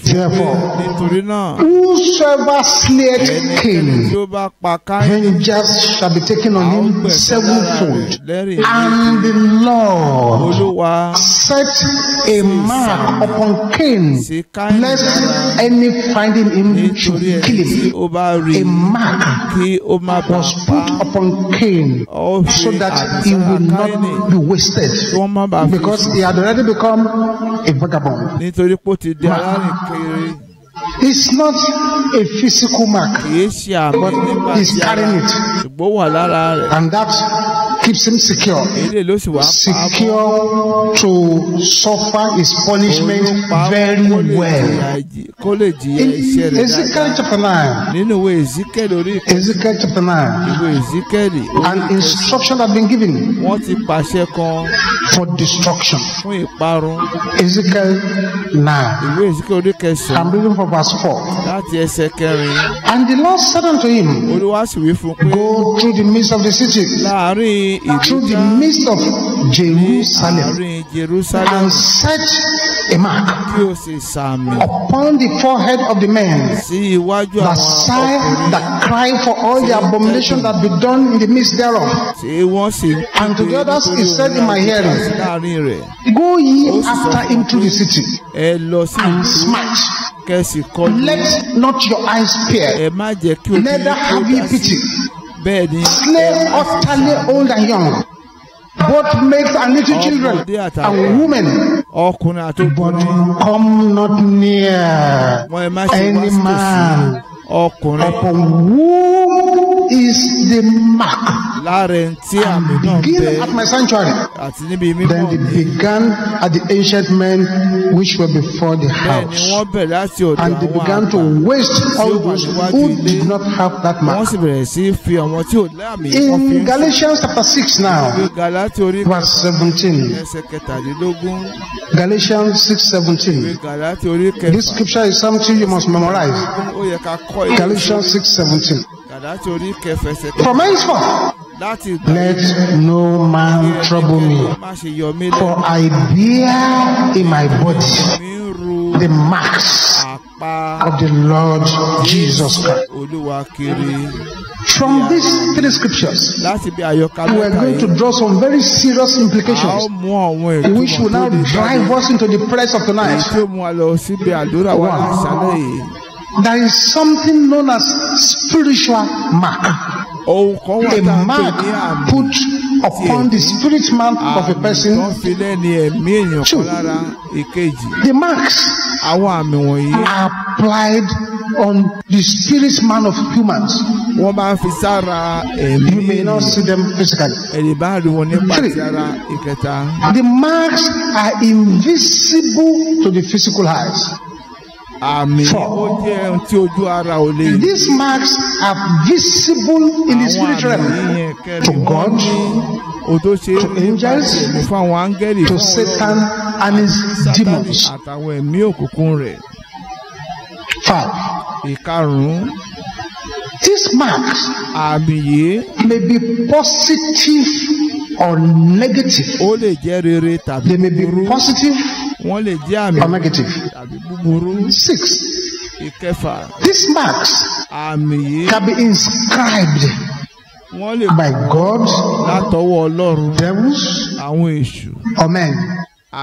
Whosoever slayed Cain, vengeance shall be taken on him sevenfold. And the Lord set a mark upon Cain, lest any finding him should kill him. A mark was put upon Cain so that he would not be wasted because he had already become a vagabond. nítorí pé ó ti di alárìn kiri. It's not a physical mark. Kì í ṣe àmì nípa ìyára. He's carrying it. Ṣùgbọ́n wà lára rẹ̀. And that keeps him secure. Secure to suffer his punishment very well. In Ezekiel chapter 9, Ezekiel chapter 9, an instruction has been given for destruction. Ezekiel 9. I'm reading from verse 4. And the Lord said unto him, Go through the midst of the city through the midst of Jerusalem, and set a mark upon the forehead of the men that sigh, that cry for all the abomination that be done in the midst thereof. And to the others he said in my hearing, Go ye after into the city and smite. Let not your eyes peer, neither have ye pity bẹ́ẹ̀ ni. slay utterly old and young both males and little children and women. ọkùnrin àti obìnrin. come not near any man. ọkùnrin. upon whom is the mark. Lára tí àmì náà bẹ. Begin at my sanctuary. Àti níbi mímọ́ mi. Then they began at the ancient men which were before the house. Bẹ́ẹ̀ni wọ́n bẹ̀rẹ̀ láti ọ̀dọ̀ àwọn àgbà. And they began to waste all those who did not have that mark. Wọ́n sì bẹ̀rẹ̀ sí fi àwọn tí ò láàmì wọ́n fi ń. In Galatians chapter six now. Galati orí mi. Verse seventeen. Ẹsẹ̀ kẹtàdínlógún. Galatians six seventeen. Galati orí kẹfà. This scripture is something you must memorize. Ó yẹ ká kọ́ ìwé. Galatians six seventeen. Gàdáṣe orí kẹfẹsẹ̀. From henceforth. Láti gbà. Let no man trouble me. Má ṣe yọ mí lẹ́nu. For I bear in my body. Mi ń ru. The marks. Àpá. Of the Lord Jesus Christ. Olúwa kiri. From these three scriptures, we are going to draw some very serious implications which will now drive us into the prayers of tonight. One, there is something known as spiritual mark. A mark put upon the spirit man of a person. Two, the marks are applied on the spirit man of humans. Wọ́n You may not see them physically. Ẹ̀rì The marks are invisible to the physical eyes àmì ó these marks are visible in the spirit realm to God to angels to Satan and his demons. five. these marks. may be positive or negative. they may be positive. or negative tàbí búburú. six. ìkẹfà. these marks. àmì yìí. can be inscribed. wọ́n lè. by God. látọwọ́ ọlọ́run. devils. àwọn èṣù. amen.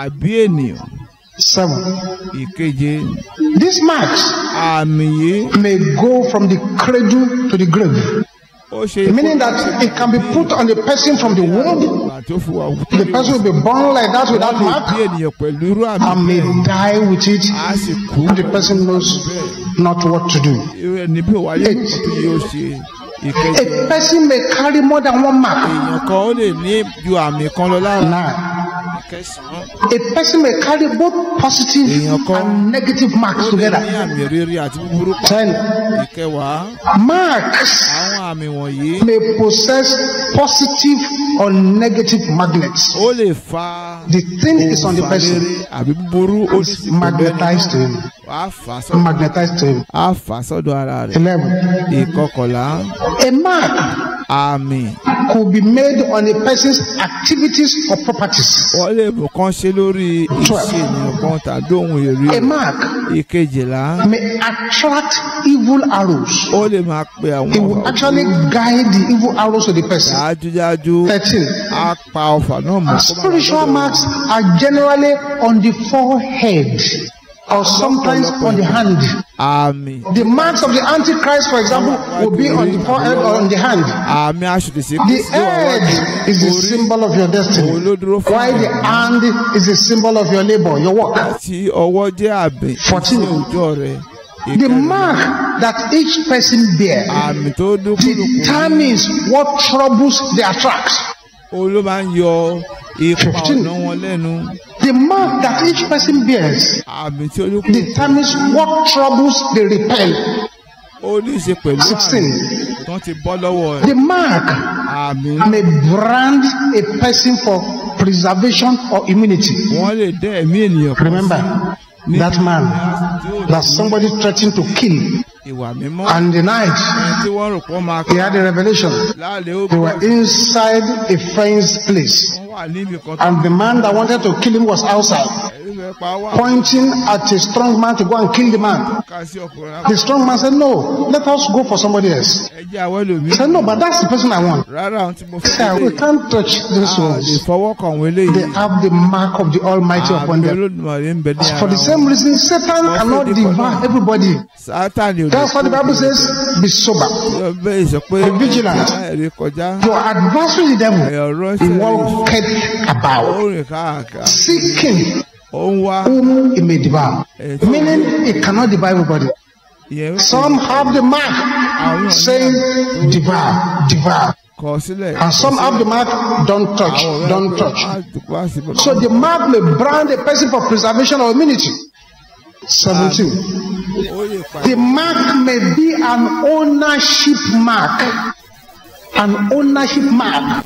àbí ènìyàn. seven. ìkeje. these marks. àmì yìí. may go from the cradle to the grave. Meaning that it can be put on the person from the womb. The person will be born like that without mark and may die with it. And The person knows not what to do. Eight. A person may carry more than one mark. Nine a person may carry both positive and negative marks together. ten marks may possess positive or negative magnets. the thing is on the person is magnetized to him. magnetized to him. eleven. a mark. Amen. Could be made on a person's activities or properties àkọlé kan ṣe lórí ìṣèlú kan tàbí ohun èrè ìkejìlá. may attract evil arrows. ó lè máa pe àwọn ọ̀rọ̀. it will actually guide the evil arrows to the person. dájúdájú thirteen. a pa ọfà náà mọ́. spiritual marks are generally on the forehead or sometimes on the hand. Amen. The marks of the antichrist for example will be on the forehead uh, or on the hand. Amen. aṣèpèsè kò sí The head is the symbol of your destiny. Òun While the hand is the symbol of your labor, your work. Àti The mark that each person bears determines what troubles they attract òun ń yọ ipa ọ̀nà wọn lẹ́nu. The mark that each person bears àmì tí olúkú determines what troubles they repel. ó ní í ṣe pẹ̀lú àmì tó ti bọ́ lọ́wọ́ rẹ̀. The mark àmì may brand a person for preservation or immunity. wọ́n lè dẹ́ ẹ̀mí ènìyàn Remember that man that somebody threatened to kill ìwà mímọ́. and the night. tí wọ́n rò pọ́ máa kọ́. he had a revelation. láàlẹ́ ó bọ̀. they were inside a friend's place. wọ́n wà níbi kan. and the man that wanted to kill him was outside. pointing at a strong man to go and kill the man. The strong man said, No, let us go for somebody else. He said, No, but that's the person I want. He said, We can't touch this one. They have the mark of the Almighty upon them. For the same reason, Satan cannot devour everybody. That's why the Bible says, be sober, be vigilant. Your adversary, the devil, walketh about, seeking whom he may devour. Meaning, he cannot devour everybody. Some have the mark saying, devour, devour. And some have the mark, don't touch, don't touch. So the mark may brand a person for preservation or immunity. 17. The mark may be an ownership mark. An ownership mark.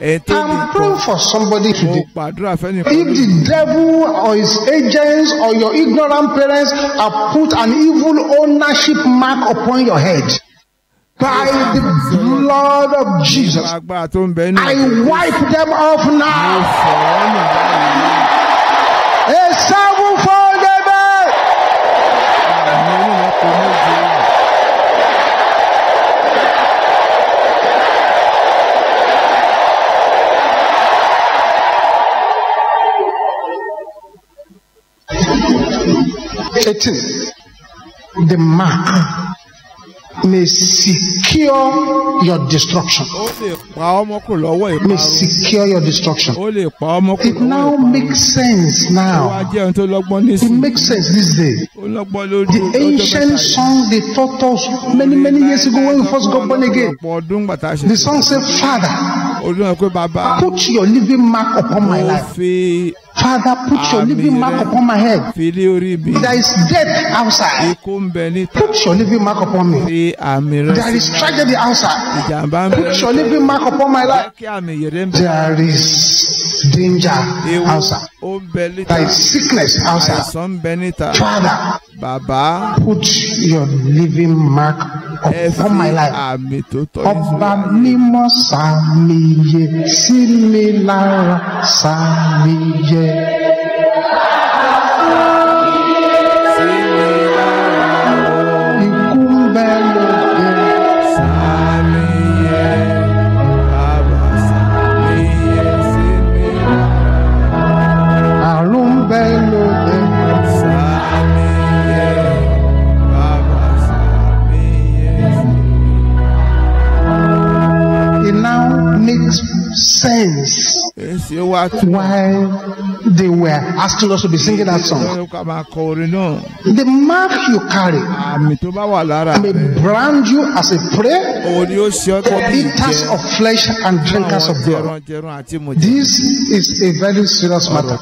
I'm praying for somebody today. If the devil or his agents or your ignorant parents have put an evil ownership mark upon your head, by the blood of Jesus, I wipe them off now. 18 the mark may secure your destruction. may secure your destruction. it now makes sense now. it makes sense this day. the ancient song they taught us many many years ago when we first got born again. the song say father olúwa pé bàbá. put your living mark upon my life. Father, put your living mark upon my head. Fi orí mi. There is death outside. Ikú ń bẹ níta. Put your living mark upon me. Fi àmì rẹ. There is tragedy outside. Ìjàmbá ń bẹ. Put your living mark upon my life. There is danger outside. By sickness outside. father. Baba, put your living mark upon my life. ọba mímọ́ sàmìyẹ sí mi lára sàmìyẹ. makes sense why they were asking us to be singing that song. The mark you carry may brand you as a prey, eaters of flesh and drinkers of blood. This is a very serious matter.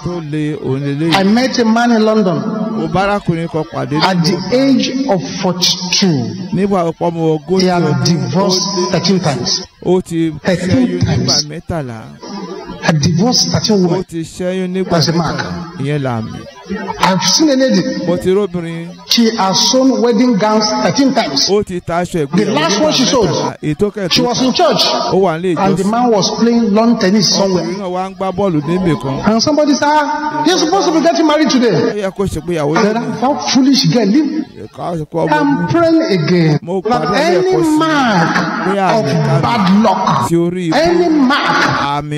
I met a man in London ó bárakùnrin kan pàdé. at the age of forty-two. nígbà ọpọmọ ogójì ọdún. he had divorced thirteen times. ó ti ṣẹ́yún nígbà mẹ́tàlá. had divorced thirteen women. ó ti ṣẹ́yún nígbà mẹ́tàlá. ìyẹn làmì. I've seen a lady. Mo ti róbìnrin. She has sewn wedding gowns thirteen times. Ó ti ta aṣọ ẹ̀gbọ́n. The last one she sold. Ètò kẹ̀tọ́. She was in church. Ó wà nílé ìjọsìn. And the man was playing lawn tennis somewhere. Ọkùnrin náà wá ń gbá bọ́ọ̀lù níbì kan. And somebody say, ah, you're supposed to be getting married today. Ó yẹ kó ṣèpé ìyàwó yẹn. And that how foolish girl live. I'm praying again. Mo pàdé ẹ̀kọ́ sí. Any mark of bad luck. Ti orí Any mark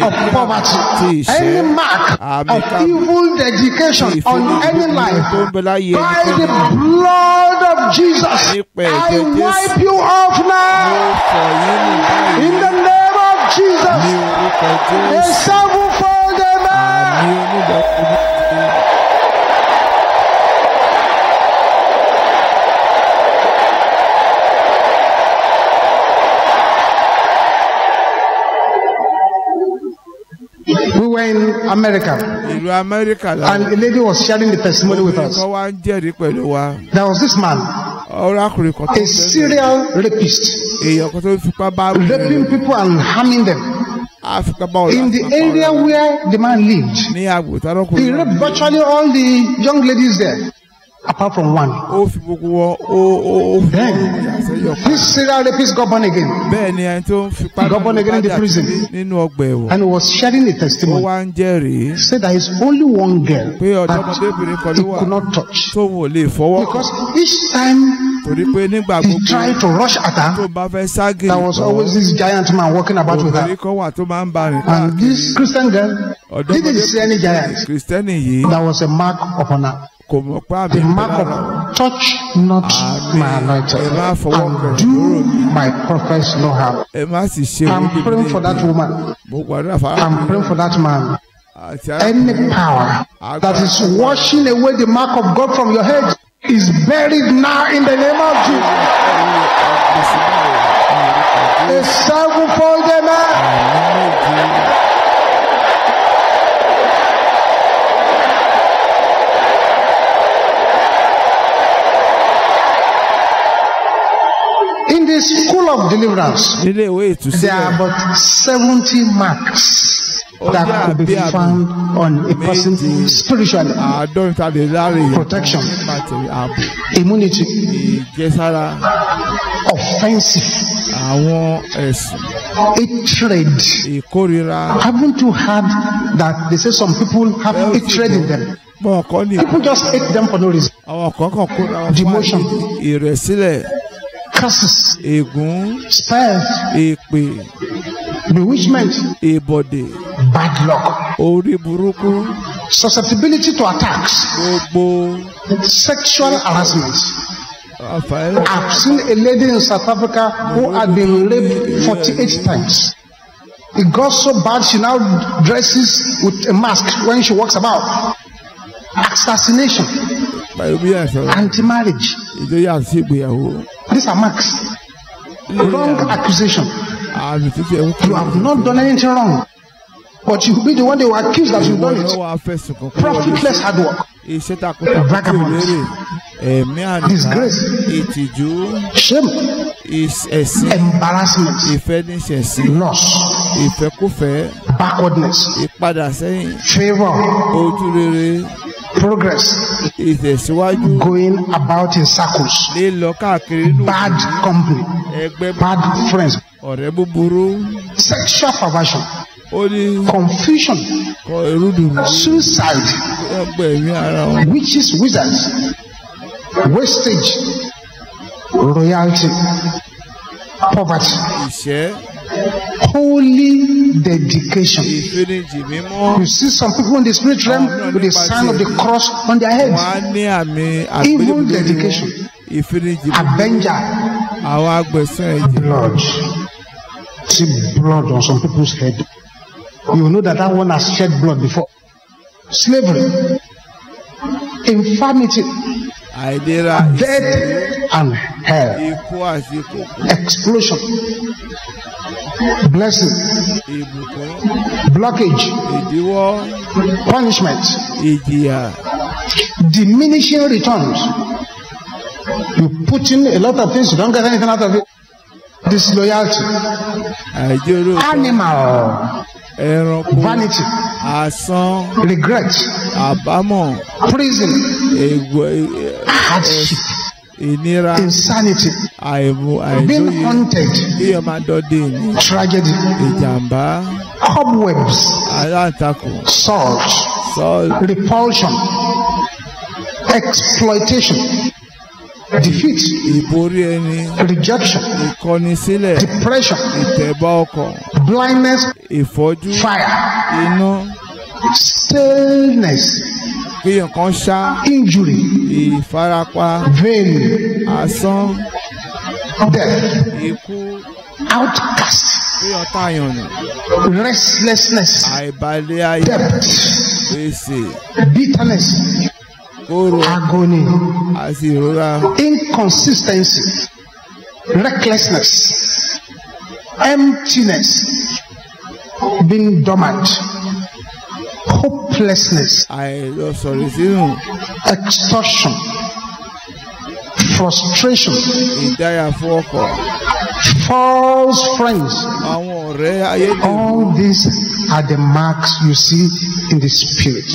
of poverty. Ti ìṣẹ́. Any mark of evil education. on any life by the blood of Jesus. I wipe you off now in the name of Jesus. A sevenfold amen. were in America. Ìlú Amẹ́ríkà la. And a lady was sharing the testimony with us. Obìnrin kan ń jẹ́rìí pẹ̀lú wa. There was this man. Ọ̀rákùnrin kan tó ń bẹ̀rẹ̀. A serial rapist. Èèyàn kan tó ń fipá bá mi. Raping people and harming them. Africa ball. In the area where the man lived. Ní àgbò ọkùnrin. He raped virtually all the young ladies there apart from one. ó fi gbogbo wọ ó ó ó fi gbogbo àṣeyọ. this serial rapist got born again. bẹ́ẹ̀ ni ẹni tó ń fi padà got born again in the prison. nínú ọgbà ẹ̀wọ̀n. and he was sharing a testimony. ó wá ń jẹ́rìí. said there is only one girl. pé ọ̀dọ́mọdébìnrin kan ló wà. he could not touch. tóun ò lè fọwọ́. because each time. torí pé nígbà gbogbo. he tried to rush at her. tó bá fẹ́ ságì. there was always this giant man walking about with her. obìnrin kan wà tó máa ń bá rìn káàkiri. and this christian girl. ọ̀dọ́mọdébìnrin kìrìsìtẹ́nì yìí. there was a mark upon her kò mọ̀ pé àmì ìpínlẹ̀ touch not my anointing and do my prophets no harm. ẹ má I'm praying for that woman. mo gbàdúrà I'm praying for that man. Any power that is washing away the mark of God from your head is buried now in the name of Jesus. A sevenfold amen. a school of deliverance. There are about seventy marks. That could be found on a person spiritually. Protection. Immunity. Offensive. àwọn ẹ̀sìn. hatred. ìkórira. haven't you heard that they say some people have hatred in them. mọ̀ ni. people just hate them for no reason. àwọn kan kan kóra wọn fún ìrẹ̀sílẹ̀ curses. ègún. spells. èpè. bewitchment. ìbọ̀dè. bad luck. orí burúkú. susceptibility to attacks. gbogbo. sexual harassment. I've seen a lady in South Africa who had been raped 48 times. It got so bad she now dresses with a mask when she walks about. Assassination. Anti-marriage. These are marks. Wrong accusation. Ah, you have not done anything wrong. But you be the one they will accuse that you done it. Profitless hard work. Vagabonds. Disgrace. Shame. Embarrassment. Loss. Backwardness. Favor progress. Ìtẹ̀síwájú. Going about in circles. Lílọ káàkiri nù. Bad company. Ẹgbẹ́ Bad friends. Ọ̀rẹ́ búburú. Sexual perversion. Ó ní. Confusion. Kọ erúdùrú. Suicide. Ọgbẹ́ ẹ̀mí ara wọn. Witches wizards. Wastage. Royalty. Poverty. Ìṣẹ́. Holy dedication. You see some people in the spirit realm with the sign of the cross on their heads. Even dedication. Avenger. Blood. See blood on some people's head. You know that that one has shed blood before. Slavery. Infirmity. Death and hell. Explosion blessing blockage ìdíwọ́ punishment ìjìyà diminishing returns you put in a lot of things you don't get anything out of it disloyalty àìjóró animal ẹranko vanity asán regret àbámọ̀ prison hardship ìnira insanity àìmú àìlóye bí ọmọ adọ́dé ni tragedy ìjàmbá cobwebs aláǹtakùn salt salt repulsion exploitation defeat ìborí ẹni rejection ìkọnisílẹ̀ depression ìtẹ̀bá ọkàn blindness ìfọ́jú fire inú stillness pé nǹkan ṣá. injury. ìfarapa. vein. asán. death. ikú. outcast. pé ọ̀tá àyànnà. restlessness. àìbalẹ̀ ayé. debt. gbèsè. bitterness. kóró. agony. àti ìrora. inconsistency. recklessness. emptiness. being dormant hopelessness. àìlọsọ̀rọ̀ oh, sínú. extortion frustration. ìdáyà false friends. all these are the marks you see in the spirit.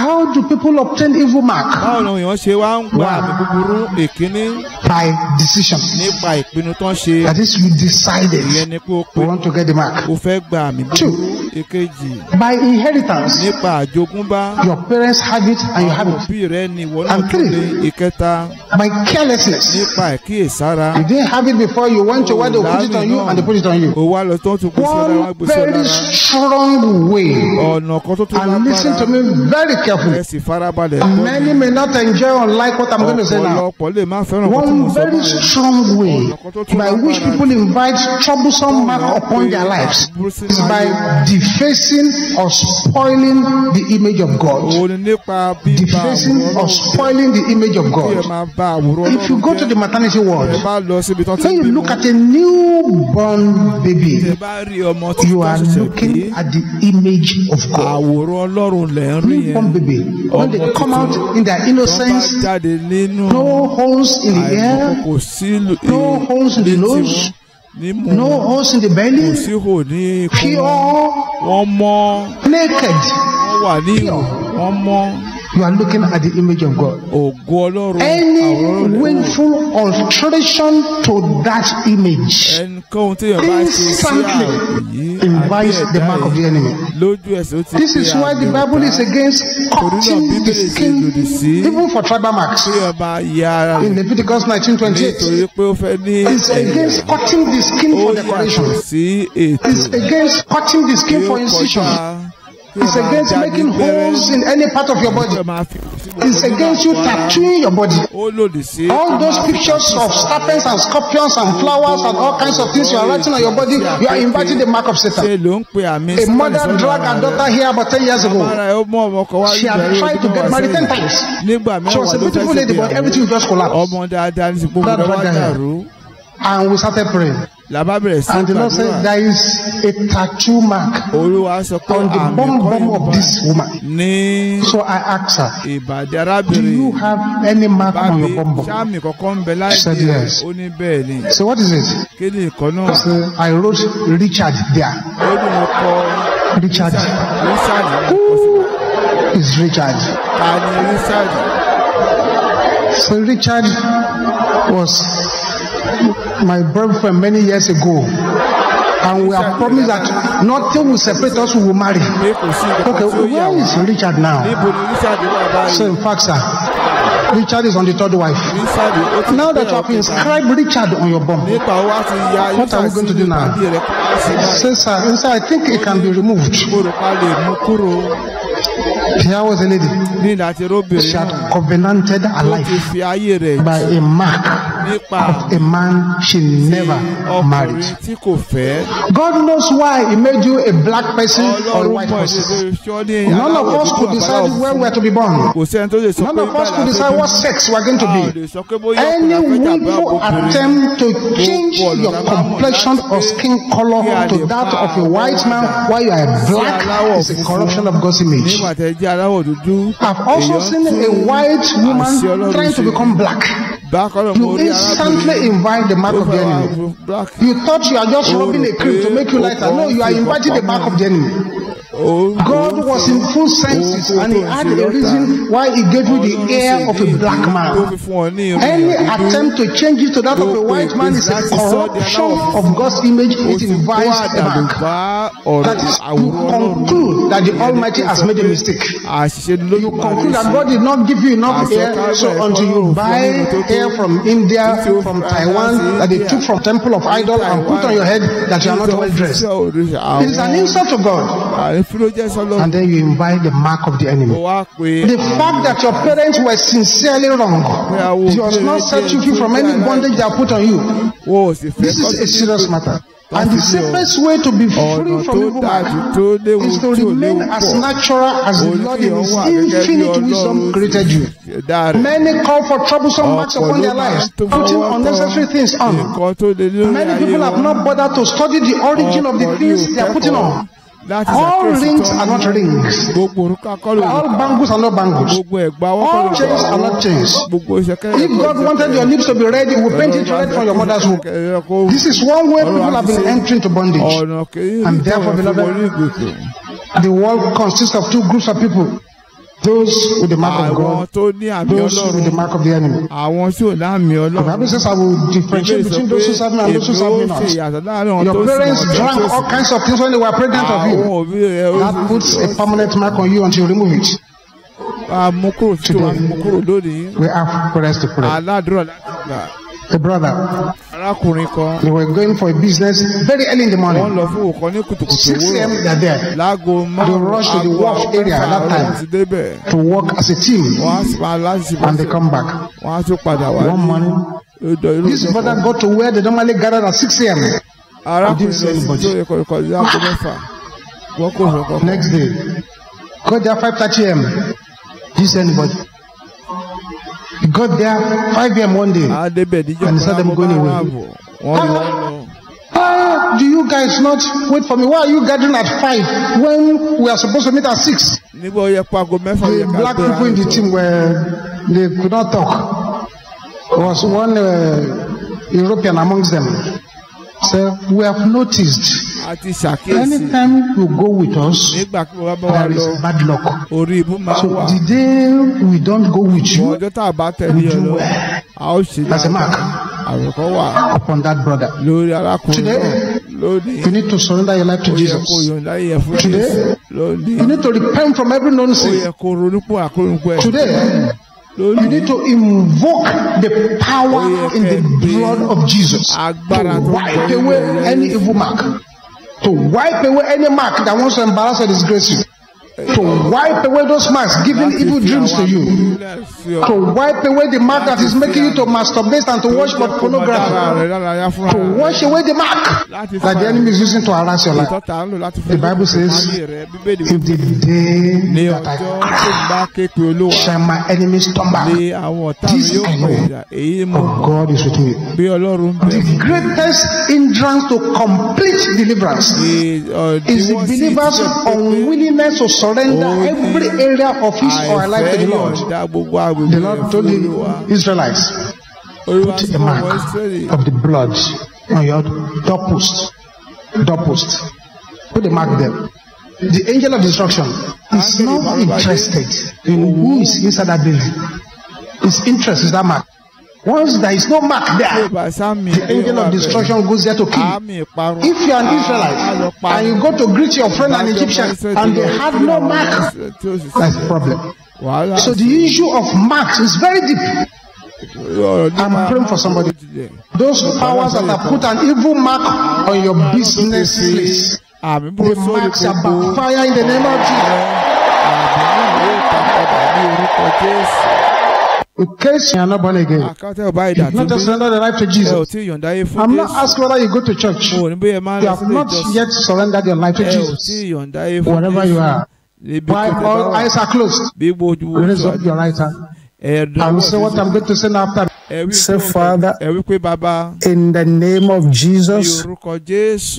how how do people obtain evil mark? báwo ni èèyàn ṣe wá ń gba àmì búburú èkíní. by decision. nípa ìpinnu tán ṣe. that is you decided. ìyẹn ni pé o pinnu. you want to get the mark. o fẹ́ gba àmì búburú. two èkejì. by inheritance. nípa àjogúnbá. your parents have it and you have it. òbí rẹ ni ìwọ náà tún ní ìkẹta. by carelessness. nípa ìkíyèsára. you didn't have it before you went to where they put it on you and they put it on you. o wá lọ tó tún kú sí ọ̀la wọn gbèsè ọ̀la. one very strong way. ọ̀nà kan tó tún lágbára. and listen to me very carefully. many may not enjoy or like what I'm going to say now. one very strong way by which people invite troublesome mark upon their lives is by defacing or spoiling the image of God. defacing or spoiling the image of God. if you go to the maternity ward when you look at a newborn baby you are looking at the image of God. newborn baby when they come out in their innocence no holes in the ear no holes in the nose no holes in the belly pure naked pure. You are looking at the image of God. Ògo Ọlọ́run. Any willful alteration to that image. Ẹnikẹ́ni tí yóò bá ṣe sí àyè. Invites the mark of the enemy. Lójú ẹsẹ̀ ó ti pè é. This is why the Bible is against cutting the skin even for tribal marks. Tí yóò bá ya ara rẹ̀. In Leviticus nineteen twenty-eight. Nítorí pé ó fẹ́ ní ẹ̀yà. It's against cutting the skin for decoration. Ó yàtọ̀ sí ètò. It's against cutting the skin for incision. It's against making holes in any part of your body. It's against you tattooing your body. All those pictures of serpents and scorpions and flowers and all kinds of things you are writing on your body, you are inviting the mark of Satan. A mother dragged her daughter here about 10 years ago. She had tried to get married 10 times. She was a beautiful lady, but everything just collapsed. And we started praying la bá bẹ̀rẹ̀ sí gbàdúrà. and the Lord say there is a tattoo mark. olúwa sọ pé àmì kọ́ ìwà on the bum bum of this woman. ní so I ask her. ìbàdí arábìnrin. do you have any mark on your bum bum. sáàmì kọ̀ọ̀kan ń bẹ láì di rẹ̀ ó ní bẹ́ẹ̀ ni. so what is it. kí ni ìkọ́ náà. Uh, I wrote Richard there. ó ní mo kọ. Richard. Richard. who is Richard. ta ni Richard. so Richard was my boyfriend many years ago and we have promised that nothing will separate us we will marry okay where is richard now so in fact sir richard is on the third wife now that you have inscribed richard on your bum what are we going to do now say sir inside i think it can be removed Here was a lady. She had covenanted her life by a mark of a man she never married. God knows why he made you a black person or a white person. None of us could decide where we are to be born. None of us could decide what sex we are going to be. Any willful attempt to change your complexion or skin color to that of a white man while you are black is a corruption of God's image. I have also seen a white woman trying to become black. You instantly invite the mark of the enemy. You thought you are just oh, rubbing a cream to make you oh, lighter. No, oh, you are inviting the mark of the enemy. God was in full senses and he had a reason why he gave you the air of a black man. Any attempt to change it to that of a white man is a corruption of God's image. It invites back. That is to conclude that the Almighty has made a mistake. You conclude that God did not give you enough air, so until you buy air from India, from Taiwan, that they took from temple of idol and put on your head that you are not well dressed. It is an insult to God. And then you invite the mark of the enemy. The fact that your parents were sincerely wrong does not set you free from any bondage they put on you. This is a serious matter. And the safest way to be free from evil man is to remain as natural as the Lord in His infinite wisdom created you. Many call for troublesome marks upon their lives, putting unnecessary things on. Many people have not bothered to study the origin of the things they are putting on. That is all rings are not rings. All bangles are not bangles. All chains are not chains. If God wanted your lips to be red, he would paint it red from your mother's womb. This is one way people have been entering to bondage. And therefore, beloved, the world consists of two groups of people those with the mark of God, those with the mark of the enemy. Àwọn tí ò láàmì Ọlọ́run. The Bible says I will differentiate between those who serve me and those who serve me not. Your parents drank all kinds of things when they were pregnant of you. That puts a permanent mark on you until you remove it. Amukuro We have prayers to pray a brother. arákùnrin kan. they were going for a business very early in the morning. wọ́n lọ fún òkan ní kùtùkùtù òwúrọ̀. six a.m. they are there. láago márùn they rush to the work area at that time. to work as a team. wọ́n á sì máa láti ṣe. and they come back. wọ́n á tún padà wá. one morning. this brother got to where they normally gather at six a.m. arákùnrin lọ sí tó yẹ kọ̀ọ̀kan mẹ́fà. wọ́n kò rọ̀ next day. got there five thirty a.m. This anybody got there 5 a.m. one day ah, and saw them going away. Why ah, how ah, do you guys not wait for me? Why are you gathering at five when we are supposed to meet at six? The black people in the team were, they could not talk. There was one uh, European amongst them. So we have noticed a ti ṣàkíyèsí. anytime you go with us nígbà kí bàbá wa lọ bad luck orí ibú máa wà. so the day we don't go with you ọjọ́ tá a bá tẹ̀lé ọ lọ a ó ṣe dáadáa àròkọ wà lórí arákùnrin náà lónìí. you need to surrender your life to Jesus. o yẹ kó yọ̀ǹda yẹ fún Jésù. today lónìí. you need to repent from every nonsense. o yẹ kó ronúpò àkórúnpò ẹ. today lónìí. you need to invoke the power in the blood of Jesus. to wipe away any evil mark. to wipe away any mark that wants to embarrass or disgrace you. to wipe away those marks, giving evil dreams to you, to wipe away the mark that is making you to masturbate and to watch pornography, to wash away the mark that the enemy is using to harass your life. The Bible says, eh, If the day that I cry, shall my enemies stumble, this I know, oh God is with me. The greatest hindrance to complete deliverance uh, is the believer's unwillingness to surrender oh, every area of his or life to the Lord. The Lord told the Israelites, put a mark of the blood on your doorpost. Doorpost. Put a mark there. The angel of destruction is not interested in who is inside that building. His interest is that mark. Once there is no mark there, the angel of destruction goes there to kill. If you are an Israelite and you go to greet your friend an Egyptian and they have no mark, that's the problem. So the issue of marks is very deep. I'm praying for somebody. Those powers that have put an evil mark on your business list, the marks are backfire in the name of Jesus. In case you are not born again, ah, you've not surrendered your life to eh, Jesus. Oh, I'm not asking whether you go to church. Oh, you have not yet surrendered your life to eh, oh, Jesus. Wherever you are, while all eyes are closed, raise up your right hand. Eh, I will say what I'm going to say after. Say, Father, in the name of Jesus,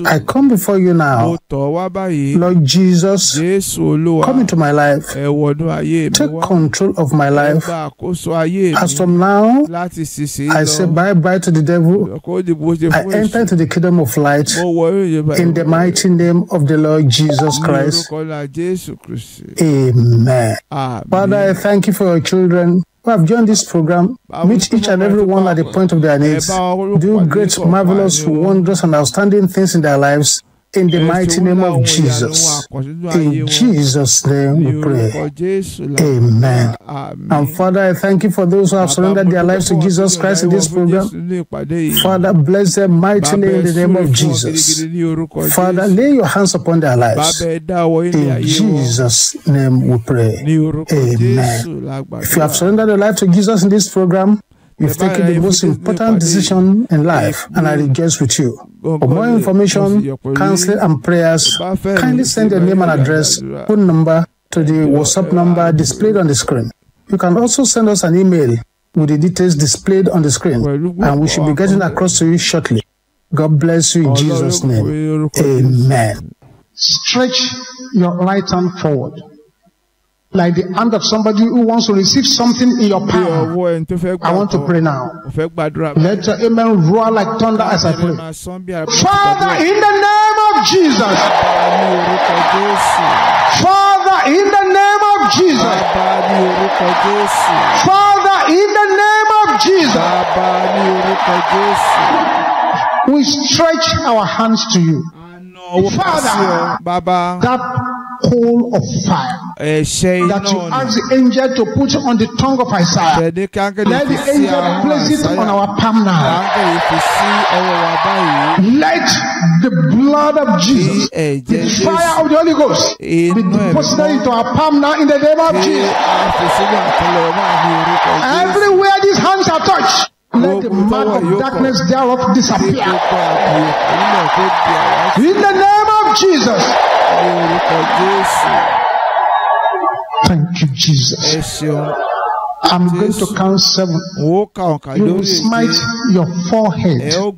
I come before you now. Lord Jesus, come into my life. Take control of my life. As from now, I say bye bye to the devil. I enter into the kingdom of light in the mighty name of the Lord Jesus Christ. Amen. Amen. Father, I thank you for your children who have joined this program, meet each and every one at the point of their eh, needs, do great, marvelous, wondrous, and outstanding things in their lives, in the mighty name of Jesus. In Jesus' name we pray. Amen. And Father, I thank you for those who have surrendered their lives to Jesus Christ in this program. Father, bless them mightily in the name of Jesus. Father, lay your hands upon their lives. In Jesus' name we pray. Amen. If you have surrendered your life to Jesus in this program, You've taken the most important decision in life, and I rejoice with you. For more information, counsel, and prayers, kindly send your name and address, phone number to the WhatsApp number displayed on the screen. You can also send us an email with the details displayed on the screen, and we should be getting across to you shortly. God bless you in Jesus' name. Amen. Stretch your right hand forward like the hand of somebody who wants to receive something in your power. I want to pray now. Let your amen roar like thunder as I pray. Father, in the name of Jesus. Father, in the name of Jesus. Father, in the name of Jesus. We stretch our hands to you. Father, that coal of fire. Eh, that you ask the angel to put on the tongue of Isaiah. Let the angel place it on our palm now. Let the blood of Jesus, eh, the fire of the Holy Ghost, be deposited into our palm now in the name of Jesus. Everywhere these hands are touched. Let the mark of darkness thereof disappear. In the name Jesus. Thank you, Jesus. I'm going to count seven. You will smite your forehead I'll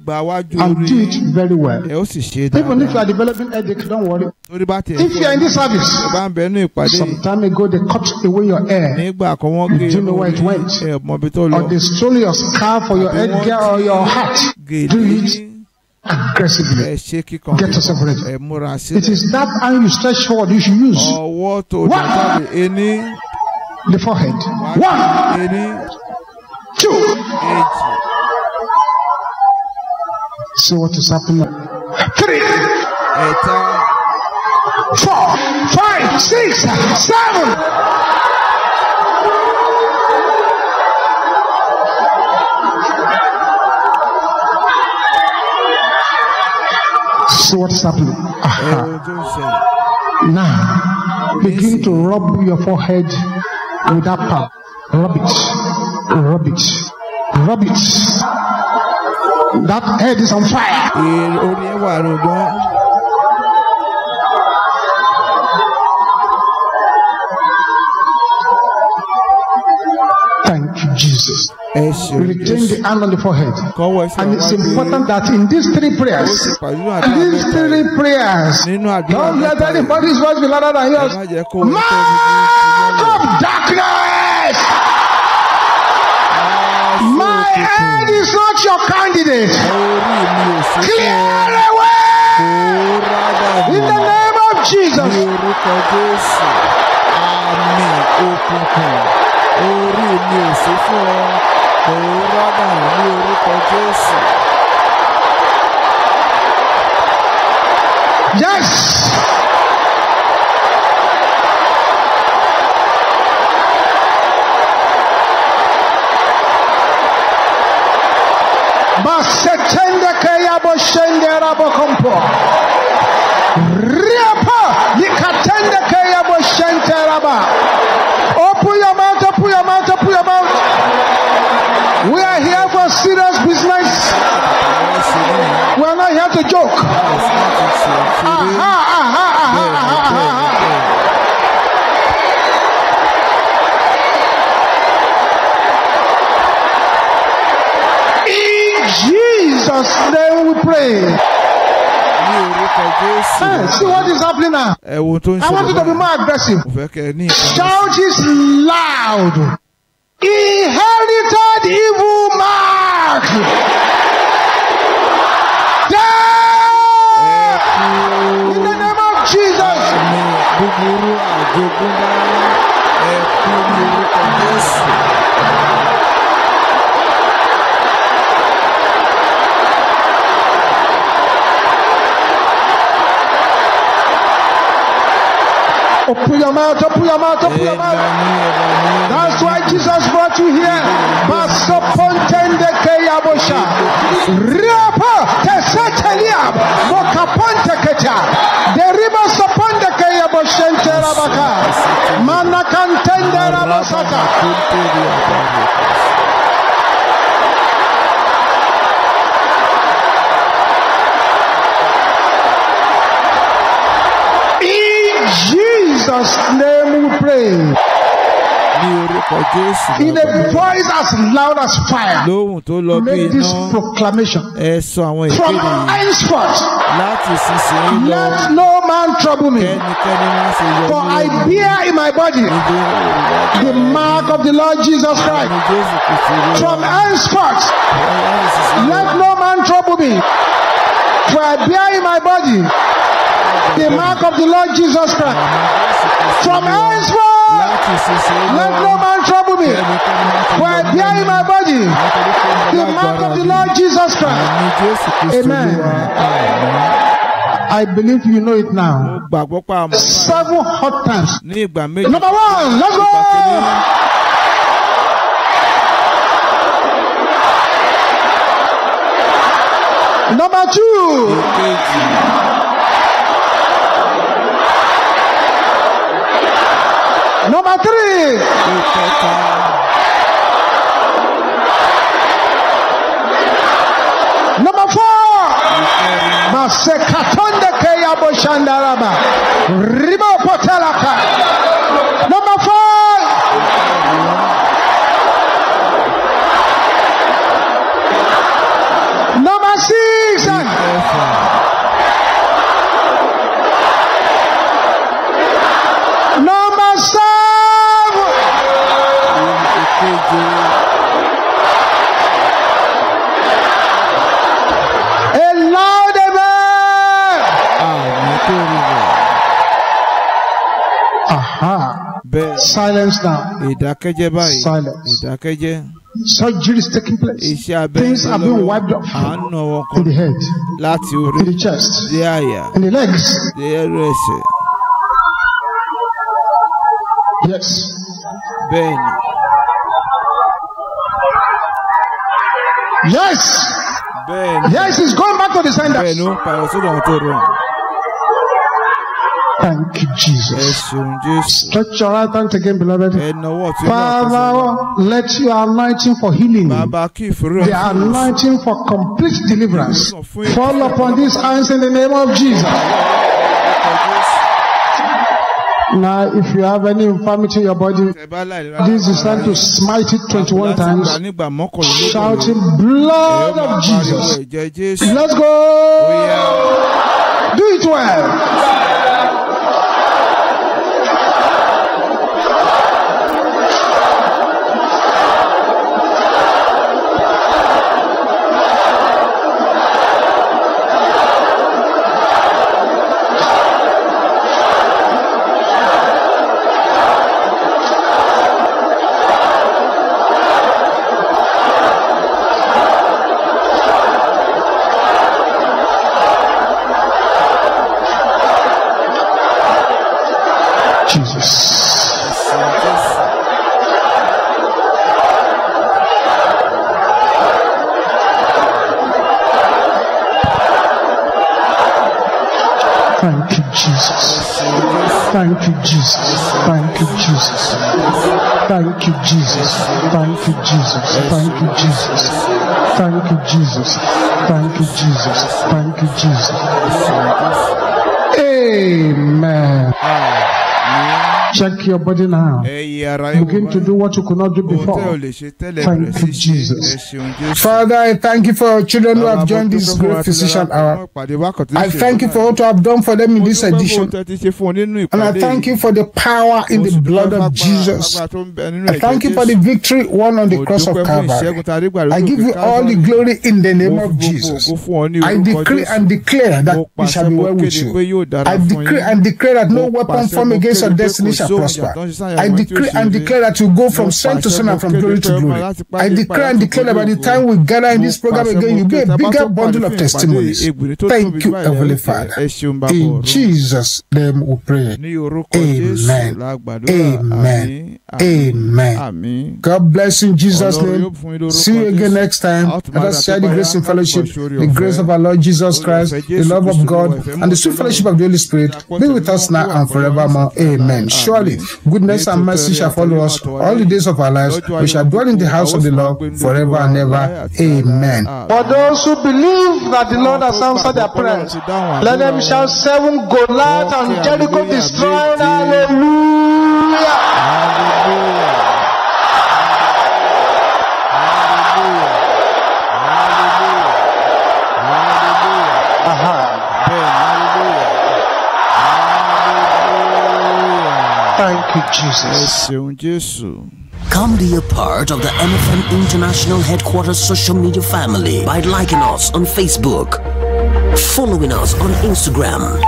do it very well. Even if you are developing headache, don't worry. If you are in this service, some time ago they cut away your hair. Do You know where it went. Or they stole your scar, or your headgear or your hat. Do it aggressively. ẹ ṣe kíkan get yourself ready. ẹ múra sílẹ̀. it is that hand you stretch forward you should use. ọwọ́ tó dá tàbí ení. the forehead. one ení. two. èjì. see what is happening. three. ẹ̀ta. four five six seven. see what's happening. Eh, Now, begin to rub your forehead with that palm. Rub it. Rub it. Rub it. That head is on fire. Eh, Thank you, Jesus will change the hand on the forehead. And it's important that in these three prayers, these three prayers, don't let anybody's voice be louder than yours. Man of darkness! My head is not your candidate. Clear away! In the name of Jesus. Orí mi ò sí fún ọ. Buradan yürüp ötesi. Yes! Basetende ke yabo shende rabo kompo. ohun tó ń ṣẹlẹ̀ báyìí. I want you to be more aggressive. mo fẹ́ kẹ́ ẹ ní ìpamọ́. shout is loud. inherited evil mark. Death! In the name of Jesus. àmì búburú your mouth, open your mouth, open your mouth. That's why Jesus brought you here. Basopontende keyabosha. Rapa tesetelia. Mokaponte kecha. The river soponde keyaboshente rabaka. Manakantende rabasata. Jesus' name we pray. in a voice as loud as fire. lóhùn make this proclamation. from henceforth. let no man trouble me. for I bear in my body. the mark of the Lord Jesus Christ. from henceforth. let no man trouble me. for I bear in my body the mark of the Lord Jesus Christ. From henceforth, let no man trouble me, for I bear in my body the mark of the Lord Jesus Christ. Amen. I believe you know it now. Seven hot times. Number one, let's go. Number two. patrie. Number four. Masekatonde ke yabo shandaraba. Rimo potelaka. Silence now. Ìdákẹ́jẹ́ báyìí. Silence. Ìdákẹ́jẹ́. Surgery is taking place. Iṣẹ́ abẹ Things are being wiped off. À ń nà wọn kọ́. In the head. Láti orí. In the chest. Dé àyà. In the legs. Dé ẹrù ẹsẹ̀. Yes. Bẹ́ẹ̀ni. Yes. Bẹ́ẹ̀ni. Yes, he's going back to the center. Bẹ́ẹ̀ni ó ń pàrọ̀ sódò àwọn tó rọrùn. Thank you, um, Jesus. Stretch your right hand again, beloved. Father, let your anointing for healing, the anointing for complete deliverance, fall upon these hands in the name of Jesus. Now, if you have any infirmity in your body, this is time to smite it 21 times, shouting, Blood of Jesus. Let's go! Do it well! Thank you, Jesus. Thank you, Jesus. Thank you, Jesus. Thank you, Jesus. Thank you, Jesus. Thank you, Jesus. Thank you, Jesus. Thank you, Jesus. Amen. Check your body now. Begin to do what you could not do before. Thank you, Jesus. Father, I thank you for your children who have joined this great physician hour. I thank you for what you have done for them in this edition. And I thank you for the power in the blood of Jesus. I thank you for the victory won on the cross of Calvary. I give you all the glory in the name of Jesus. I decree and declare that it shall be well with you. I decree and declare that no weapon formed against your destination shall prosper. I decree and declare that you go from strength to strength and from glory to glory. I declare and declare that by the time we gather in this program again, you'll be a bigger bundle of testimonies. Thank you, Heavenly Father. In Jesus' name we pray. Amen. Amen. Amen. God bless you in Jesus' name. See you again next time. Let us share the grace and fellowship, the grace of our Lord Jesus Christ, the love of God, and the sweet fellowship of the Holy Spirit be with us now and forevermore. Amen. Sure Surely, goodness and mercy shall follow us all the days of our lives. We shall dwell in the house of the Lord forever and ever. Amen. For those who believe that the Lord has answered their prayers, let them shall seven Goliath and Jericho destroyed. Hallelujah. Hallelujah. Jesus. Come be a part of the MFM International Headquarters social media family by liking us on Facebook, following us on Instagram,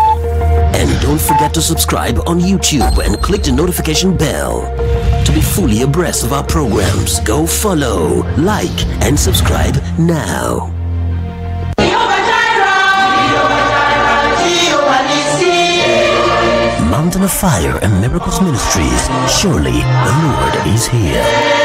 and don't forget to subscribe on YouTube and click the notification bell. To be fully abreast of our programs, go follow, like, and subscribe now. And of Fire and Miracles Ministries. Surely the Lord is here.